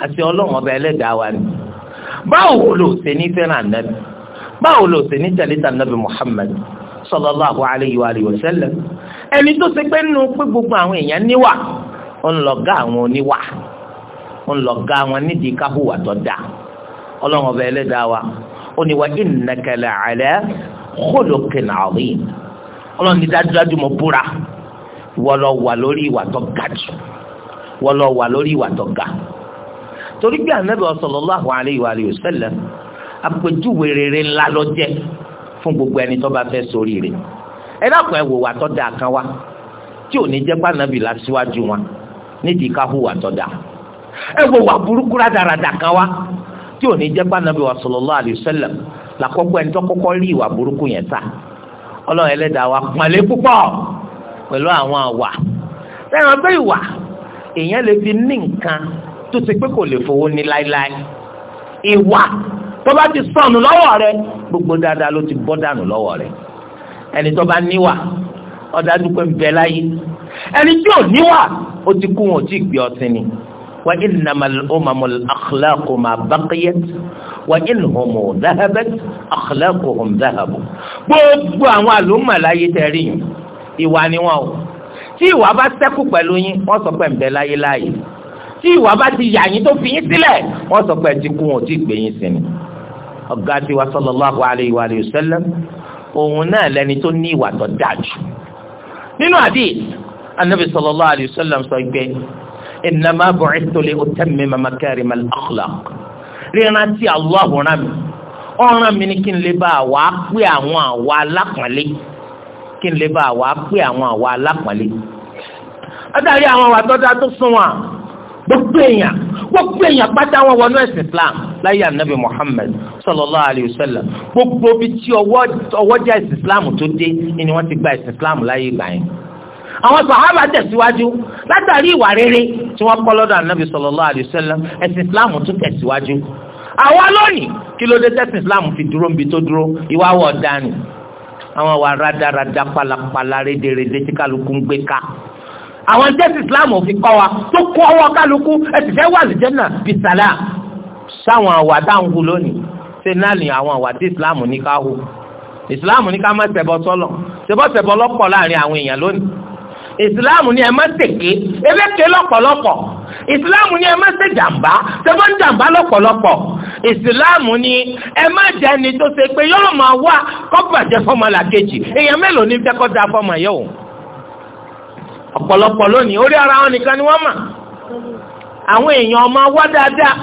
àti ọlọ́ọ̀n ọba ẹlẹ́dàá wa ni báwo ló ṣe ní fẹ́ràn ànábì báwo ló ṣe ní tẹ̀lé tànábì muhammad sallallahu alayhi wa alayhi wa sallam ẹni tó ṣe pé nínú pé gbogbo àwọn èèyàn níwà ń lọ gá àwọn oníwà ń lọ gá àwọn nídìí káhùwà tó dáa ọlọ́ọ̀n ọba ẹlẹ́dàá wa ó ní wa innaka la'ala khuluqin 'azim ọlọ́run ní dájúdájú mo búra wọ́n lọ wà lórí ìwà tó ga jù wọ́n lọ wà lórí ìwà tó ga torí bí anabi sallallahu alayhi wa alihi wa sallam àpèjúwe rere ńlá ló jẹ́ fún gbogbo ẹni tó bá fẹ́ sórí rẹ̀ ẹ dákun wà tó dáa kan wá tí ò ní jẹ́ pé anabi la wọn nídìí ká hùwà tó dáa ẹ wà burúkú rádaràdà kan wá tí ò ní jẹ́ pé wa sallallahu làkọ́kọ́ ẹni tó kọ́kọ́ rí ìwà burúkú yẹn ta ọlọ́run wa púpọ̀ pẹ̀lú àwọn àwà ìwà èèyàn lè fi ní nǹkan tó ti pé kò lè fowó ní láéláé ìwà tó ti sọnù lọ́wọ́ rẹ gbogbo dáadáa ló ti bọ́ dànù lọ́wọ́ rẹ ẹni tó bá níwà ọ̀dà dúpẹ́ ń bẹ láyé ẹni tí ò níwà ó ti وإنما الأمم الأخلاق ما بقيت وإن هم ذهبت أخلاقهم ذهبوا gbogbo àwọn àlùmọ̀ láyé tẹ̀rí ìwà ni wọn o tí ìwà bá ṣẹ́kù pẹ̀lú yín wọ́n sọ pé ń bẹ láyé láàyè tí ìwà bá ti yà yín tó fi yín sílẹ̀ wọ́n sọ pé ti kú wọn ò tí ì gbé yín sí ni ọ̀gá tiwa sallallahu alayhi wa alihi wa sallam òun náà lẹni tó ní ìwà tó dájú nínú àdìs anabi sallallahu alayhi wa sallam sọ pé innama bu'ithtu li utammima makarima al-akhlaq ríran tí Allah rán mi ọ̀ràn mi ni kí n lè bá àwa pé àwọn àwa alápọ̀nlé kí n lè bá àwa pé àwọn àwa alápọ̀nlé. látàrí àwọn àwa tọ́jà tó sún wọn gbogbo èèyàn gbogbo èèyàn pátá wọn wọnú ẹ̀sìn Islam láyé ànábì Muhammad sallallahu alayhi wa sallam gbogbo bíi tí ọwọ́ ọwọ́ jẹ́ ẹ̀sìn Islam tó dé ni wọ́n ti gba ẹ̀sìn Islam láyé ìgbà àwọn sàhábà tẹ̀síwájú látàrí ìwà rere tí wọ́n kọ́ lọ́dọ̀ ànábì sallallahu alaihi wasallam ẹ̀sìn islam tún tẹ̀síwájú. àwa lónìí kí ló dé tẹ̀sìn islam fi dúró níbi tó dúró ìwà wọ̀ dání àwọn wa rádaràda palapala rédèrèdè tí kálukú ń gbé ká. àwọn tẹ̀sìn islam fi kọ́ wa tó kó ọwọ́ kálukú ẹ̀sìn fẹ́ wà lìjẹ́nà bisala sáwọn àwà dáhùn lónìí ṣe náà ní àwọn àwà islam ní islam ní ká má ṣẹbọ sọlọ ṣẹbọ ṣẹbọ lọ́pọ̀ ìsìláàmù ni ẹ má eleke eléke lọ́pọ̀lọpọ̀ ìsìláàmù ni ẹ má ṣe jàǹbá ṣẹbọ́ ń jàǹbá lọ́pọ̀lọpọ̀ ni ẹ jẹ́ ẹni tó ṣe pé yọ́ọ̀ máa wá kọ́bàjẹ́ kejì èèyàn mélòó ní fẹ́kọ́ da fọ́mọ yẹ o ọ̀pọ̀lọpọ̀ lónìí orí ara wọn nìkan ni wọ́n mà àwọn èèyàn ọmọ wá dáadáa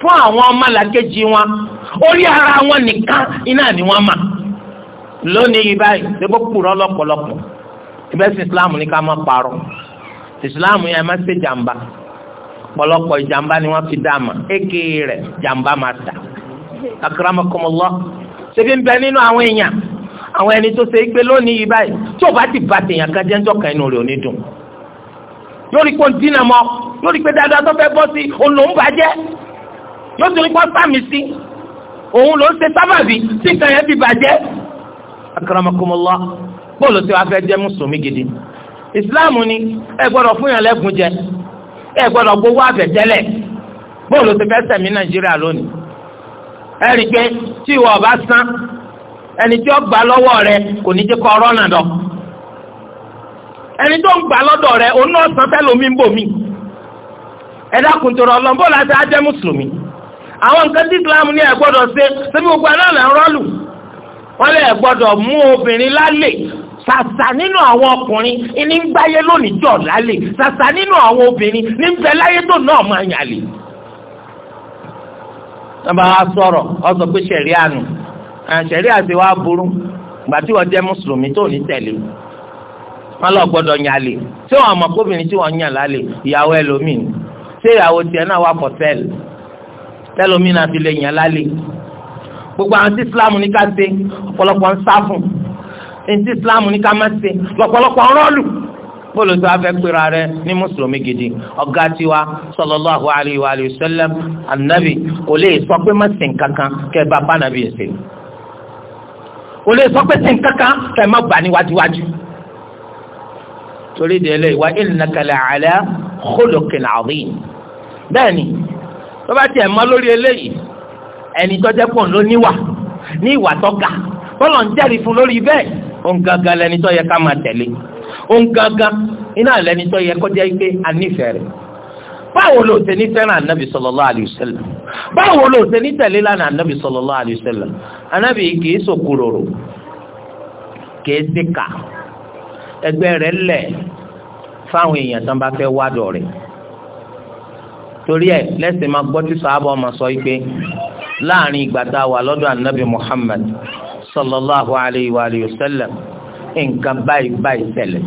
fún àwọn ọmọlàkejì wọn orí ara wọn nìkan iná ni wọ́n mà lónìí báyìí ṣe ìbẹ́sìn islam ni ká má parọ́ islam yẹn má ṣe jàmbá pọ̀lọpọ̀ ìjàmbá ni wọ́n fi dá àmà èké rẹ̀ jàmbá máa tà akramakumullah ṣebí ń bẹ nínú àwọn èèyàn àwọn ẹni tó ṣe é gbé lónìí yìí báyìí tí ò bá ti bá tèèyàn kan jẹ́ ń jọ́ka inú rẹ̀ ò ní dùn yóò rí pé ń dínà mọ́ yóò rí pé dáadáa tó fẹ́ bọ́ sí òun ló ń bàjẹ́ yóò tún rí pé ó sàmì sí òun ló ń ṣe sábàbí tí nǹkan yẹn ti bàjẹ́ akramakumullah bóòlù tí wàá fẹ́ jẹ́ mùsùlùmí gidi ìsìláàmù ni ẹ gbọ́dọ̀ fún yàn lẹ́gùn jẹ ẹ gbọ́dọ̀ gbowó àbẹ̀tẹ́lẹ̀ bóòlù tí fẹ́ sẹ̀mí nàìjíríà lónìí pé tí ìwọ ọba san ẹni tí ó gbà lọ́wọ́ rẹ kò ní jẹ́ kọ́ rọ́nà dọ̀ ẹni tó ń gbà lọ́dọ̀ rẹ òun náà san fẹ́ lómi ń wọ́n lè gbọ́dọ̀ mú sàṣà nínú àwọn ọkùnrin ní ń gbáyé lónìí jọ̀ lálẹ́ sàṣà nínú àwọn obìnrin ní ń bẹ láyé tó náà máa yàn lè. sábà wá sọ̀rọ̀ ọ sọ pé ṣẹ̀rí àánú ṣẹ̀rí àti wá burú ìgbà tí wọ́n jẹ́ mùsùlùmí tó ní tẹ̀lé wọn lọ gbọ́dọ̀ yàn lè ṣé wọn àmọ́ kóbìnrin tí wọ́n yàn lálẹ́ ìyàwó ẹlòmíì ṣé ìyàwó tiẹ̀ náà wà pọ̀ tẹ́lẹ̀ tẹ́lómìnà lè yàn lálẹ́ gbogbo àwọn tí Islam ní ká ṣe ọ̀pọ̀lọpọ̀ ń sá fún un ètí islam ní ká má ṣe lọ́pọ̀lọpọ̀ ọ̀rọ̀lù bóòlù tó a fẹ́ pera rẹ ní mùsùlùmí gidi ọ̀gá tiwa sallallahu alayhi wa sallam anabi kò lè sọ pé má ṣe nǹkankan kẹ bá bá nàbí ẹsẹ kò lè sọ pé ṣe nǹkankan kẹ má bà ní wájúwájú torí délé wa innaka la'ala khuluqin azim bẹ́ẹ̀ni tó bá tiẹ̀ mọ́ lórí eléyìí ẹni pọ̀ ló níwà ní ìwà tó bọ́lọ̀ ń jẹ́rìí fún lórí bẹ́ẹ̀ òngangan lẹni tó yẹ ká máa tẹ̀lé gaga iná lẹni tó yẹ kọjá ike anífẹ̀ẹ́ báwo ló ṣe ní fẹ́ràn anabi sallallahu alayhi báwo ló ṣe ní tẹ̀lé lánàá anabi sallallahu alayhi wa kì í sòkúròrò kì í ẹgbẹ́ rẹ̀ lẹ̀ fáwọn èèyàn tán bá fẹ́ wádọ̀ rẹ̀ sọ yìí pé láàrin ìgbà tá a wà anabi Muhammad sallallahu alayhi wa alihi wa sallam nǹkan báyìí báyìí ṣẹlẹ̀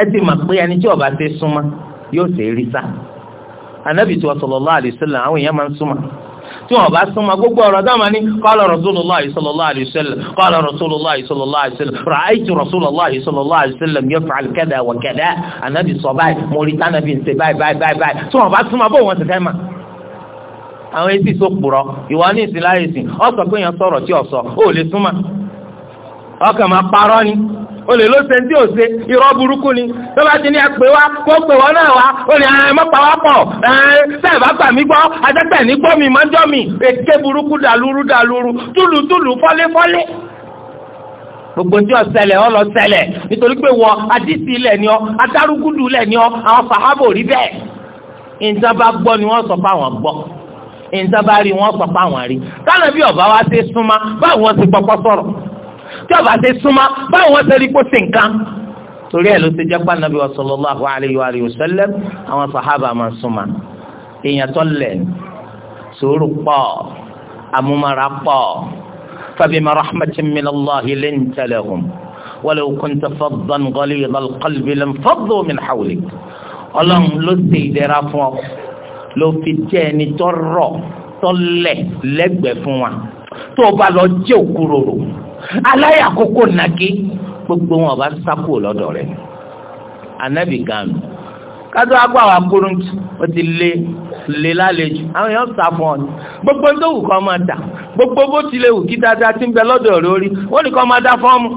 ẹ ti mọ̀ pé ẹni tí ó bá ṣe súnmọ́ yóò ṣe rí sá anabi tí wọ́n sallallahu alayhi wa sallam àwọn èèyàn máa ń súnmọ́ tí wọ́n bá súnmọ́ gbogbo ọ̀rọ̀ dáhùn máa ní qala rasulullah sallallahu alayhi wa sallam qala rasulullah sallallahu alayhi wa sallam ra'aytu rasulullah sallallahu alayhi wa sallam yaf'al kada wa kada anabi sọ báyìí mo rí tánabi ń ṣe báyìí báyìí báyìí tí wọ́n bá súnmọ́ bó wọn ti fẹ́ máa àwọn etí so kpọ̀rọ̀ ìwà ní ìsìláyè sìn ọ̀sọ̀ pé èèyàn sọ̀rọ̀ tí ọ̀sọ̀ ó lè súnmọ́ ọkàn máa parọ́ ni o lè ló sẹ́ńtì òsè irọ́ burúkú ni tó bá ti ní ẹgbẹ́ wa kó pè wọ́n náà wá o lè ẹ mọ́pá wá pọ̀ ẹ sẹ́ẹ̀bá gbà mí gbọ́ adẹ́tẹ̀ ní gbọ́ mi mọ́jọ́ mi èké burúkú dàlúrú dàlúrú túlù túlù fọ́lé fọ́lé gbogbo tí ọsẹlẹ ọlọ ṣẹlẹ̀ nítorí pé wọ adísì ilẹ̀ ni ọ adarúgúdù ilẹ̀ ni ọ àwọn sàhábò rí bẹ́ẹ̀ ìjọba gbọ́ ni wọ́n sọ fún àwọn ìntàbárí wọn pàpà wọn rí kánàbí ọba wa ṣe súnmá báwo wọn ti pọpọ sọ̀rọ̀ tí ọba ṣe súnmá báwo wọn ṣe rí kó ṣe nǹkan torí ẹ ló ti jẹ́ pé anabi wa sallallahu alayhi wa sallam àwọn sàhábà máa súnmá èèyàn tó lẹ̀ sùúrù pọ̀ àmúmarà pọ̀ fabima rahmatin minallahi linta lahum walau kunta faddan ghalidha alqalbi lam faddu min hawlik ọlọ́run ló ṣe ìdẹ̀ra fún ọ. ló fi jẹ́ ẹni tọrọ tọlẹ lẹgbẹ fún wa tó o bá lọ jẹ́ òkúròrò aláyàkókò nàgé gbogbo wọn ọba sápò lọ́dọ̀ rẹ̀ anabi ganu kájọ agbá wa kúrú ó ti lé lé lálejò àwọn èèyàn sá fún ọ ni gbogbo tó wù kọ́ máa dà gbogbo bó ti lè wù kí dáadáa ti ń bẹ lọ́dọ̀ rẹ̀ orí wọ́n ní kọ́ máa dá fọ́ọ̀mù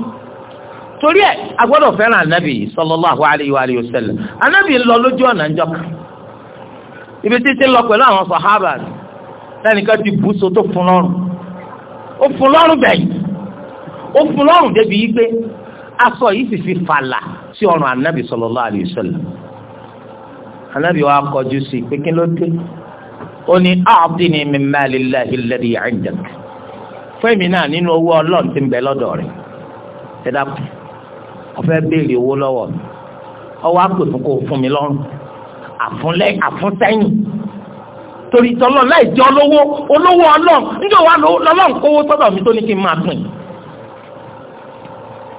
torí ẹ agbọdọ fẹràn anabi sọlọlọ alaihi wa alihi wasallam anabi ń lọ lójú ọ̀nà ìjọba ibi títí lọ pẹ̀lú àwọn sàhábà lẹ́nìkan ti bù so tó fún lọ́rùn ó fún lọ́rùn bẹ̀yìn ó fún lọ́rùn débi yí pé aṣọ yìí sì fi fàlà sí ọrùn anabi sallallahu alayhi wa sallam anabi wa kọjú sí i pé kí ló dé ó ní a'tini min malillahi alladhi 'indak fẹ́mi náà nínú owó ọlọ́run ti ń bẹ lọ́dọ̀ rẹ̀ ṣẹ́dá ọ̀fẹ́ béèrè owó lọ́wọ́ ọwọ́ àpò fún kò fún mi lọ́rùn àfúnsẹ́yìn torí tọ́lọ́ láì jẹ́ olówó olówó ọlọ́run níjọ́ wa lọ́lọ́run kówó sọ́dọ̀ mi tó ní kí n máa pín.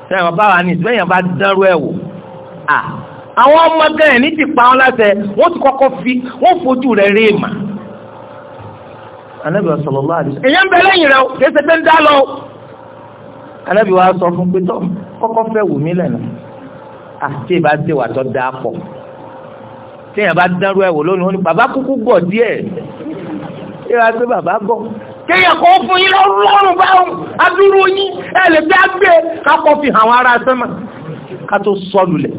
sẹ́yìn bá wa ní sẹ́yìn bá dánrú ẹ̀ wò à àwọn ọmọ gẹ̀rẹ̀ ní ti pa wọn láṣẹ wọ́n ti kọ́kọ́ fi wọ́n fojú rẹ̀ rí èèmà. anábì wa sọ̀rọ̀ lọ́wọ́ àdìsí. èèyàn bẹ lẹ́yìn rẹ̀ o kì í ṣe pé ń dá lọ. anábì wa sọ fún pé tọ́ kọ́kọ́ fẹ́ wù mí lẹ́nu àti ìbá ti wà tọ́ dáa pọ̀ téèyàn bá dánrú ẹ̀ wò lónìí wọn ni bàbá kúkú gọ̀ díẹ̀ ṣé wàá gbé bàbá gọ̀ kéèyàn kò fún yín lọ́rùn báwọn adúrú yín ẹ lè bí agbé e, kápọ̀ fi hàn ara sẹ́mà ká tó sọ́ọ̀lù lẹ̀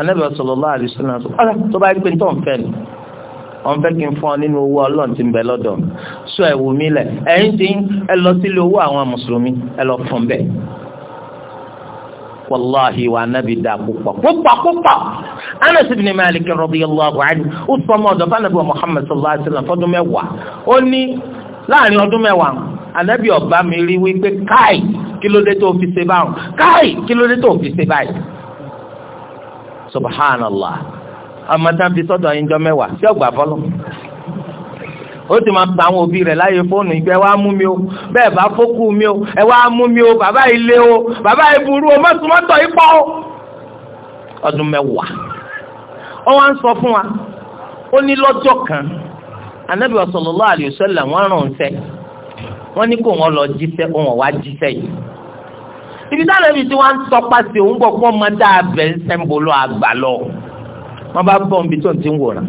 Ànábì sallallahu alaihi wasallam ọ̀rẹ́ tó bá rí pé tó ń fẹ́ ni wọ́n fẹ́ kí n fún ọ nínú owó ọlọ́run tí ń bẹ lọ́dọ̀ mi sọ ẹ̀wù mi lẹ̀ ẹ̀yìn tí ẹ lọ sílé owó àwọn mùsùlùmí ẹ lọ fún bẹ́ẹ̀ wàláhi wà nábì dà púpọ̀ púpọ̀ púpọ̀ anas ibn malik radiyallahu anhu ó sọ ọmọ ọ̀dọ̀ fanabi wa muhammad sallallahu alayhi wa sallam fọdún mẹ́wàá ó ní láàrin ọdún mẹ́wàá anabi ọba mi rí wípé káì kí ló dé tó fi ṣe báwọn káì kí ló dé tó fi ṣe báyìí subhanallah ọmọ fi sọ́dọ̀ ẹ̀yìn jọ sí ọgbà fọlọ́ ó ti máa pa àwọn òbí rẹ̀ láyé fóònù ìgbẹ́ wá mú mi o bẹ́ẹ̀ bá fókù mi o ẹ wá mú mi o bàbá ilé o bàbá ìburú o mọ́tòmọ́tò ipò o. ọdún mẹ́wàá ó wá ń sọ fún wa ó ní lọ́jọ́ kan anabi sallallahu alayhi wa sallam wọ́n rán ṣẹ́ wọ́n ní kó wọn lọ jíṣẹ́ òun ọ̀wá jíṣẹ́ yìí ibi táwọn ibi tí wọ́n ń tọpa sí òun gbọ́ pọ́n mọ́ dáa bẹ́ẹ̀ ń sẹ́ńbó lọ àgbà lọ wọ́n bá bọ́ ibi tó ń ti ń wòran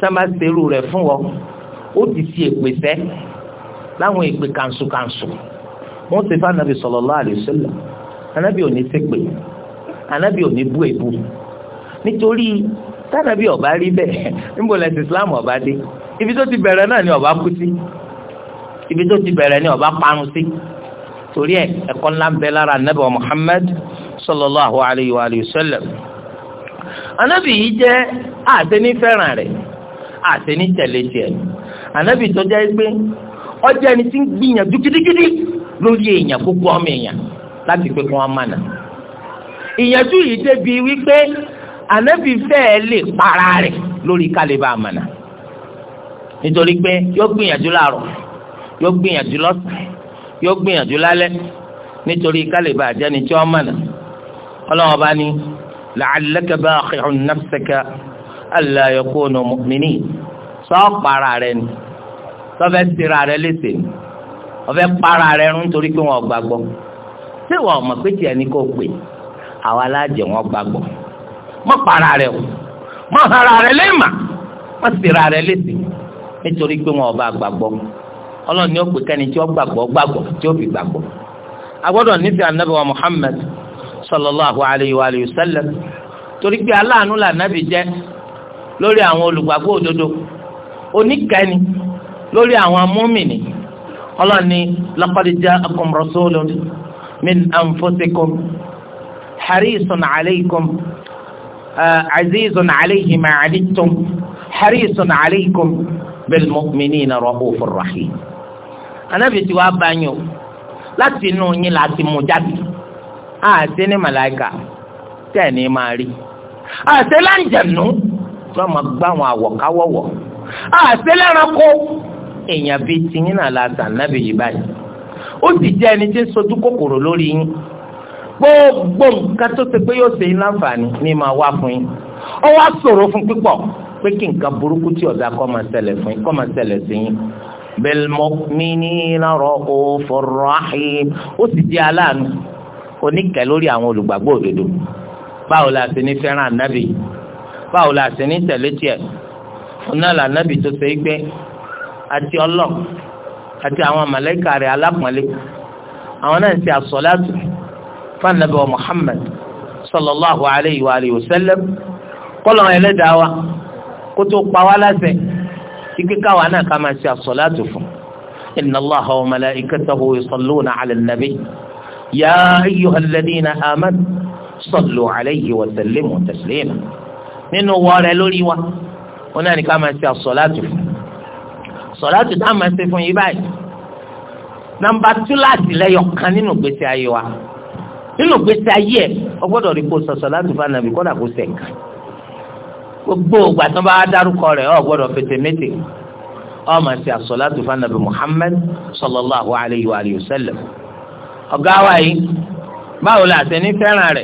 sábà serú rẹ̀ fún ọ ó ti fi èpè sẹ́ láwọn èpè kàǹsùkàǹsù wọ́n ti fa anabi sallallahu alaihi wasallam anabi ò ní ṣépè anabi ò ní bú èbú nítorí tánàbí ọba rí bẹ́ẹ̀ níbo lẹ́sìn islam ọba dé ibi tó ti bẹ̀rẹ̀ náà ni ọba kú sí ibi tó ti bẹ̀rẹ̀ ni ọba parun sí torí ẹ ẹ̀kọ́ ńlá ń bẹ lára anabi wa muhammad sallallahu alayhi wa sallam anabi yìí jẹ́ àtẹnífẹ́ràn rẹ̀ àti ní tẹ̀lé tiẹ̀ ànábì tó jẹ́ pé ọjọ́ ẹni tí ń gbìyànjú gidigidi lórí èèyàn kókó ọmọ èèyàn láti pé kí wọ́n mànà ìyànjú yìí débi wípé ànábì fẹ́ẹ́ lè para rẹ̀ lórí kálíbà mànà nítorí pé yóò gbìyànjú láàárọ̀ yóò gbìyànjú lọ́sàn yóò gbìyànjú lálẹ́ nítorí kálíbà àjẹni tí wọ́n mànà ọlọ́wọ́n bá ní la'allaka bākhi'un nafsaka. alla yakunu sọ para rẹ ni sọfẹ tira rẹ léṣe ni ọfẹ para rẹ rún torí pé wọn gbàgbọ́ ṣé wọn ọmọ pé tiẹ̀ ní kò pè alájẹ wọn gbàgbọ́ mọ para rẹ o mọ ara rẹ lẹ́ẹ̀mà mọ sira rẹ léṣe nítorí pé wọn ọba gbàgbọ́ ni ó pè kẹ́ni tí ó gbàgbọ́ gbàgbọ́ tí ó fi anabi wa alayhi wa torí pé aláàánú là lórí àwọn olùgbàgbọ́ òdodo oníkẹ́ni lórí àwọn amúmìnì ọlọ́ni laqad ja'akum rasulun min anfusikum harisun alaykum azizun alayhi ma anittum harisun alaykum bil mu'minina rahufur rahim anábì tí wàá bá yín o láti inú yín láti mú jáde àti ní màláìka tẹ̀ ní máa rí àti láǹjẹ̀nù tí wọ́n máa gbá àwọn àwọ̀káwọ̀wọ̀ àṣẹlẹ́ranko èèyàn bíi tiyín náà la sàn nábì yìí báyìí ó sì jẹ́ ẹni tí ń sojú kòkòrò lórí yín gbogbo nǹkan tó ṣe pé yóò ṣe yín láǹfààní ní máa wá fún yín ó wá ṣòro fún pípọ̀ pé kí nǹkan burúkú tí ọ̀dà kọ́ máa ṣẹlẹ̀ fún yín kọ́ máa ṣẹlẹ̀ sí yín bilmu'minina ra'ufur rahim ó sì jẹ́ aláàánú oníkẹ́ lórí àwọn olùgbàgbọ́ òdodo báwo la ṣe ní fẹ́ràn ànábì báwo la sì ní tẹ̀lé tiẹ̀ ọ̀nà lànàbì tó ṣe é gbé àti ọlọ́ àti àwọn màlàíkà rẹ̀ alápọ̀nlé àwọn náà ń ṣe àsọ̀láàtù fanabi wa Muhammad sallallahu alayhi wa alayhi wa sallam kọ́lọ̀ ẹlẹ́dàá wa kó tó pa wá láṣẹ ike káwa náà ká máa ṣe àsọ̀láàtù fún inna Allaha wa malaikatahu yusalluna ala nabi ya ayyuhalladhina amanu sallu alayhi wa sallimu nínú wọ rẹ lórí wa wọn náà ní ká máa ṣe fún sọ̀láàtù tá a máa ṣe fún yìí báyìí nàmbà tú láti lẹ́yọ̀ kan nínú gbèsè ayé wa nínú gbèsè ayé ẹ̀ ọgbọ́dọ̀ rí kó fún anabi kó gbogbo ìgbà tí bá dárúkọ rẹ̀ ọ̀ gbọ́dọ̀ fètè mété ọ máa ṣe fún anabi muhammed sallallahu alayhi wa sallam ọ̀gá wa yìí báwo la ṣe ní fẹ́ràn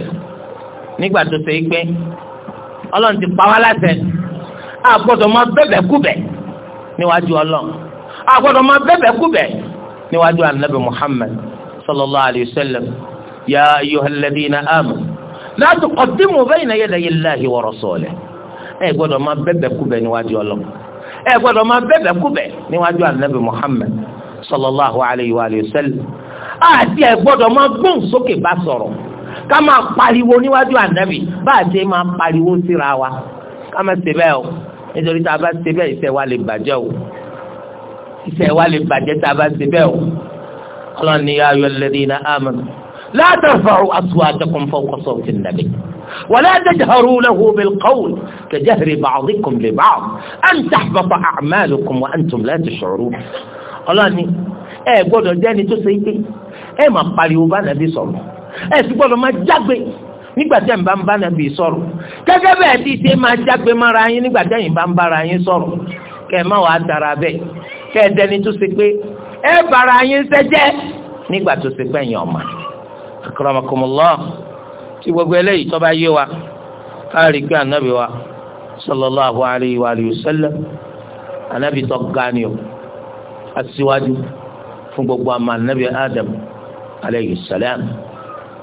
ọlọ́run ti pa wá láṣẹ a gbọ́dọ̀ máa bẹ̀bẹ̀ kúbẹ̀ níwájú ọlọ́run a gbọ́dọ̀ máa bẹ̀bẹ̀ kúbẹ̀ níwájú anabi muhammad sallallahu alayhi wa sallam ya ayyuhal ladhina amanu la tuqaddimu bayna yaday illahi wa rasulihi ẹ gbọ́dọ̀ máa bẹ̀bẹ̀ kúbẹ̀ níwájú ọlọ́run ẹ gbọ́dọ̀ máa bẹ̀bẹ̀ kúbẹ̀ níwájú anabi muhammad sallallahu alayhi wa sallam ká máa pariwo níwájú ànábì bá a ṣe máa pariwo síra wa ká máa ṣe bẹ́ẹ̀ o nítorí tá a bá ṣe bẹ́ẹ̀ iṣẹ́ wa lè bàjẹ́ o iṣẹ́ wa lè bàjẹ́ tá a bá ṣe bẹ́ẹ̀ o ọlọ́ni yá ayọ̀ alladhina amanu la tarfa'u aswatakum fawqa sawti an-nabi ولا تجهروا له بالقول كجهر بعضكم لبعض أن تحبط أعمالكم وأنتم لا تشعرون قال لي ايه قولوا جاني تسيبي ايه ما قالوا بنا بصمه ẹ sì gbọ́dọ̀ máa jágbe nígbà tẹ́ ń bá ń bá nàbì sọ̀rọ̀ gẹ́gẹ́ bẹ́ẹ̀ tí ṣe máa jágbe mọ́ra yín nígbà tẹ́ ń bá ń bára yín sọ̀rọ̀ kẹ́ ẹ má wàá dára bẹ́ẹ̀ kẹ́ ẹ dẹni tó ṣe pé ẹ bára yín sẹ́jẹ́ nígbà tó ṣe pé gbogbo eléyìí bá yé wa á gbé ànábì wa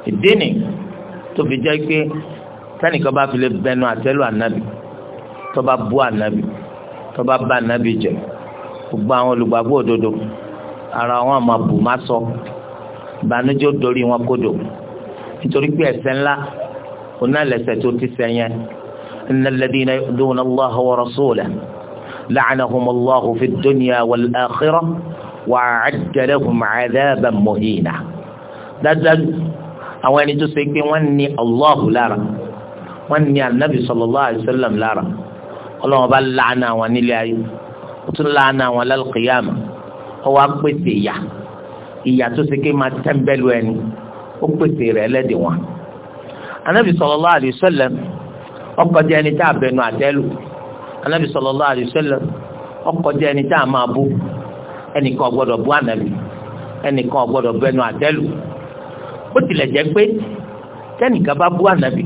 ìdí ni tó fi jẹ́ pé sẹ́nìkan bá fi lè bẹnu àtẹ́lù ànábì tó bá bú ànábì tó bá bá ànábì jẹ gbogbo àwọn olùgbàgbọ́ òdodo ara wọn àmọ́ bù má sọ ìbànújẹ́ ó dorí wọn kodò nítorí pé ẹ̀ṣẹ̀ ńlá onálẹ̀ṣẹ̀ tó ti ṣẹ̀ yẹn innal ladhina yu'dhuna Allaha wa rasulahu la'anahum Allahu fid dunya wal akhirah wa'adda lahum 'adhaban muhina dájúdájú àwọn ẹni tó ṣe pé wọ́n ní Allahu lára wọ́n ní anabi sallallahu alaihi wasallam lára ọlọ́run bá láàánú àwọn nílé ayé ó tún láàánú àwọn lálùkìyàmà ó wá pèsè ìyà ìyà tó ṣe pé máa tẹ́ńbẹ́lú ẹni ó pèsè rẹ̀ lẹ́dìí wọn. anabi sallallahu alaihi wasallam ọkọ̀ jẹ́ ẹni tá a bẹnu àtẹ́lù anabi sallallahu alaihi wasallam ọkọ̀ jẹ́ ẹni tá a máa bú ẹnìkan ò bú anabi ẹnìkan ò bẹnu àtẹ́lù bó tilẹ̀ jẹ́ pé tẹ́nìkan bá bú ànábì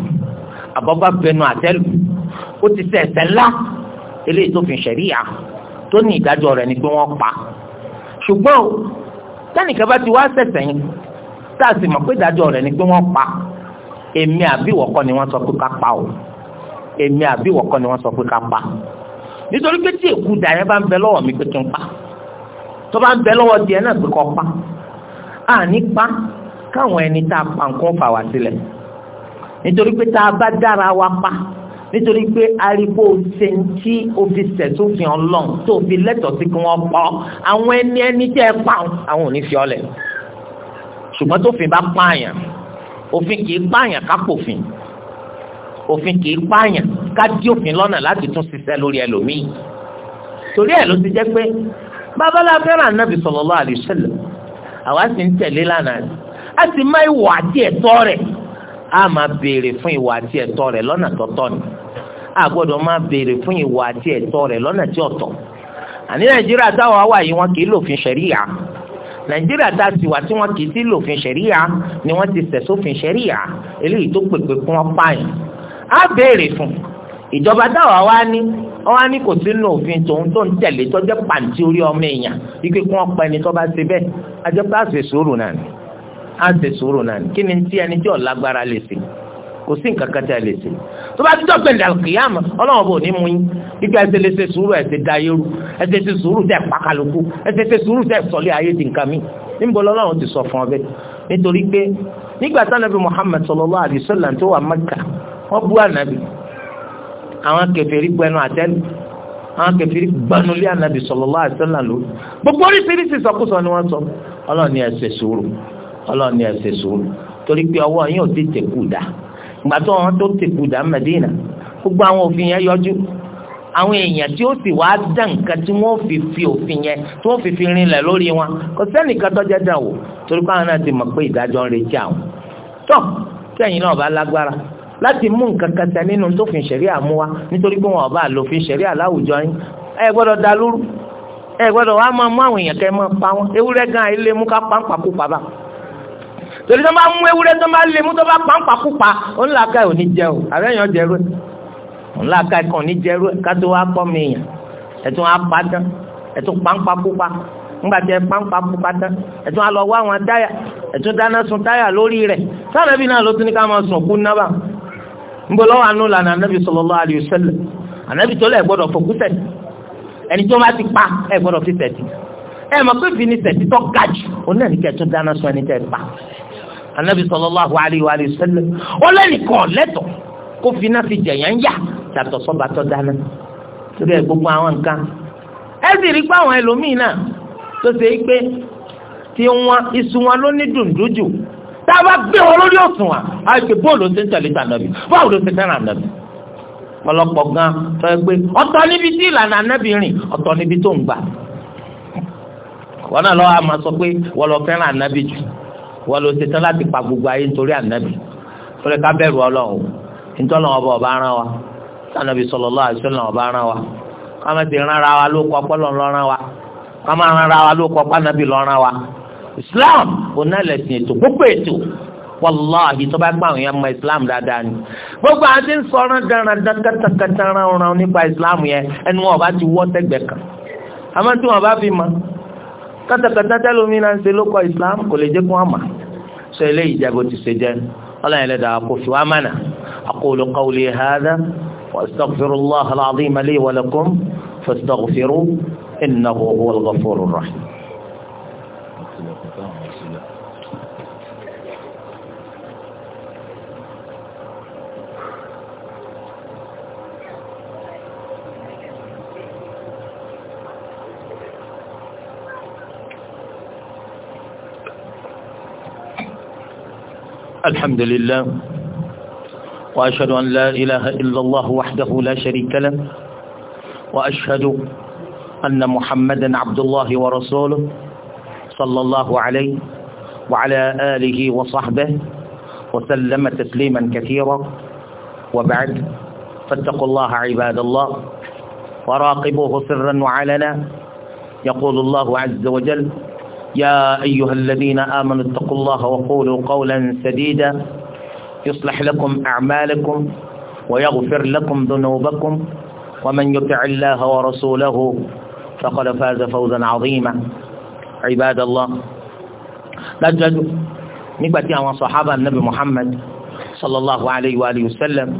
àbọ̀bá fẹnu àtẹ́lù ó ti ṣẹ̀ ẹ̀ṣẹ̀ ńlá eléyìí tó fi ṣẹ̀ríyà tó ní ìdájọ́ rẹ̀ ni pé wọ́n pa ṣùgbọ́n tẹ́nìkan bá ti wá ṣẹ̀ṣẹ̀ yín tá a sì mọ̀ pé ìdájọ́ rẹ̀ ni pé wọ́n pa èmi àbí ni wọ́n sọ pé ká pa o èmi àbí ni wọ́n sọ pé ká pa nítorí pé tí èkú dà yẹn bá ń bẹ lọ́wọ́ mi pé kí n pa tó bá ń bẹ lọ́wọ́ tiẹ̀ náà pé kọ́ pa àní pa káwọn ẹni tá a pa nǹkan fà wá sílẹ̀ nítorí pé tá a bá dára wa pa nítorí pé ariwo ṣe ń tí o fi ṣẹ̀túnfin ọlọ́run tó fi lẹ́tọ̀ọ́ sí kí wọ́n pọ̀ àwọn ẹni ẹni tẹ́ ẹ pa àwọn ò ní fi ọlẹ̀ ṣùgbọ́n tófin bá pààyàn òfin kì í pààyàn kápòfin òfin kì í pààyàn ká dí òfin lọ́nà láti tún ṣiṣẹ́ lórí ẹlòmíì torí ẹ̀ ló ti jẹ́ pé babalá fẹ́ràn Ànábì sallallahu alaihi wasallam àwa sì ń tẹ̀lé lánàá a sì má ìwà àti ẹ̀tọ́ rẹ̀ a máa béèrè fún ìwà àti ẹ̀tọ́ rẹ̀ lọ́nà tọ́tọ́ ni a gbọ́dọ̀ máa béèrè fún ìwà àti ẹ̀tọ́ rẹ̀ lọ́nà tí ọ̀tọ̀ àní nàìjíríà táwọn wà yìí wọn kì í lòfin ṣẹ̀ríyà nàìjíríà tá a sì wà tí wọn kì í ti lòfin ṣẹ̀ríyà ni wọ́n ti ṣẹ̀ sófin ṣẹ̀ríyà eléyìí tó pèpè fún ọpáyìn a béèrè fún ìjọba táwa wá ní wọn á ní kò sínú òfin tòun tó ń tẹ̀lé tó jẹ́ pàǹtí orí ọmọ èèyàn ikú kí wọ́n pa ẹni bá ṣe bẹ́ẹ̀ ajẹ́pẹ́ àṣẹ náà ni. Ase ṣe sùúrù ni kí ni tí ẹni tí ò lágbára lè ṣe kò sí nǹkan kan tí a lè ṣe tó bá tijọ́ pé dàlùkìyàmù ọlọ́run bò ní mú yín ibi ẹsẹ̀ lè ṣe sùúrù ẹsẹ̀ da yẹ́rù ẹsẹ̀ ṣe sùúrù tẹ̀ pàkàlùkù ẹsẹ̀ ṣe sùúrù tẹ̀ sọ̀lẹ̀ ayé di nǹkan mi níbo lọ́lọ́run ti sọ fún ọ nítorí pé nígbà tánábì Muhammad sallallahu alaihi wasallam tó wà Mẹ́kà wọ́n bú ànábì àwọn kèfèrí gbẹnu àtẹ́lù àwọn kèfèrí gbanulé ànábì sallallahu alaihi wasallam lórí gbogbo oríṣiríṣi sọkúsọ ni wọ́n sọ ọlọ́run ni ẹsẹ̀ sùúrù ọlọ́ọ̀ni ni ṣe sùúrù torí pé ọwọ́ yín ò tètè kù dà ìgbà tó wọn tó tètè kù dà Mẹ́dínà gbogbo àwọn òfin yẹn yọjú àwọn èèyàn tí ó sì wá dá nǹkan tí wọ́n fi fi òfin yẹn tí wọ́n fi fi rinlẹ̀ lórí wọn kò sẹ́nìkan tọ́jà dà wò torí pé àwọn náà ti mọ̀ pé ìdájọ́ ń retí àwọn. tó sẹ́yìn náà bá lágbára láti mú nǹkan kan tẹ nínú tó fi ṣẹ̀rí àmúwá nítorí pé wọn ò bá lò fi ṣẹ̀rí àláwùjọ yín ẹ gbọ́dọ̀ da lóru ẹ gbọ́dọ̀ wá máa mú àwọn èèyàn kẹ́ máa pa wọn ewúrẹ́ gan-an ilé mú ká pa ń pàkó pàbà torí tó máa mú ewúrẹ́ tó máa lè mú tó bá pàǹpà kúpa òun làákà ò ní jẹ o àbẹ́yàn jẹrú ẹ̀ òun làákà kàn ní jẹrú ẹ̀ kátó wá pọ́ mi yàn ẹ̀tún apá tán ẹ̀tún pàǹpà kúpa ńgbà tẹ pàǹpà kúpa tán ẹ̀tún alọ wá àwọn táyà ẹ̀tún dáná sun táyà lórí rẹ̀ sànàbí náà ló tún ní ká máa sùn kú nábà ńgbọ́lọ́wọ́ àánú lànà bá ti pa ẹ̀ mọ̀ pé fi ni tẹ̀tì tó ga náà ní kẹ́ẹ̀tún dáná sun ẹni tẹ̀ pa anabi sallallahu alayhi wa sallam ó lẹ́nìkan lẹ́tọ̀ kó fi iná fi jẹ̀yàn yà yàtọ̀ sọ́ba tó dáná torí ẹ̀ gbogbo àwọn nǹkan ẹ sì rí pé àwọn ẹlòmíín náà tó ṣe é pé tí wọn iṣu wọn ló ní dùndún jù tá a bá gbé wọn lórí òsùn wa á ṣe bóòlù ṣe ń tẹ̀lé tànàbì báwo ló ṣe fẹ́ràn ànàbì ọlọ́pọ̀ gan tó ẹ pé ọ̀tọ̀ níbi tí ìlànà ànàbì rìn ọ̀tọ̀ níbi tó ń gbà wọn náà lọ́wọ́ a sọ pé wọ́n lọ jù wọ́n ló ṣetán láti pa gbogbo ayé nítorí ànábì lórí ká bẹ̀rù ọlọ́run nítorí ọba ọba rán wa sànàbì sallallahu alaihi wasallam ọba rán wa ká má ti rán ara wa ló kọ́ pọ́lọ́ lọ́rán wa ká má rán ara wa ló kọ́ pánàbì lọ́rán wa Islam onálẹ̀sìn ètò gbogbo ètò wàláhì tó bá gbà wọ́n yẹn mọ Islam dáadáa ni gbogbo àti ń sọ̀rọ̀ dáradára kátàkátà ránran nípa Islam yẹn ẹnu wọn ọba ti wọ́ sẹ́gbẹ̀ẹ́ kan àmọ́ tí wọn bá fi mọ́ kátàkátà tẹ́lómi náà ń ṣe lókọ islam kò lè jẹ́ kó àmà sọ eléyìí ìjàgbọ́ ti ṣe jẹ́ ọlọ́yìn lẹ́dà kò fi wá mánà aqulu qawli hadha wa astaghfirullaha al-azim الحمد لله وأشهد أن لا إله إلا الله وحده لا شريك له وأشهد أن محمدا عبد الله ورسوله صلى الله عليه وعلى آله وصحبه وسلم تسليما كثيرا وبعد فاتقوا الله عباد الله وراقبوه سرا وعلنا يقول الله عز وجل يا أيها الذين آمنوا اتقوا الله وقولوا قولا سديدا يصلح لكم أعمالكم ويغفر لكم ذنوبكم ومن يطع الله ورسوله فقد فاز فوزا عظيما عباد الله نجد نبتي عن صحابة النبي محمد صلى الله عليه وآله وسلم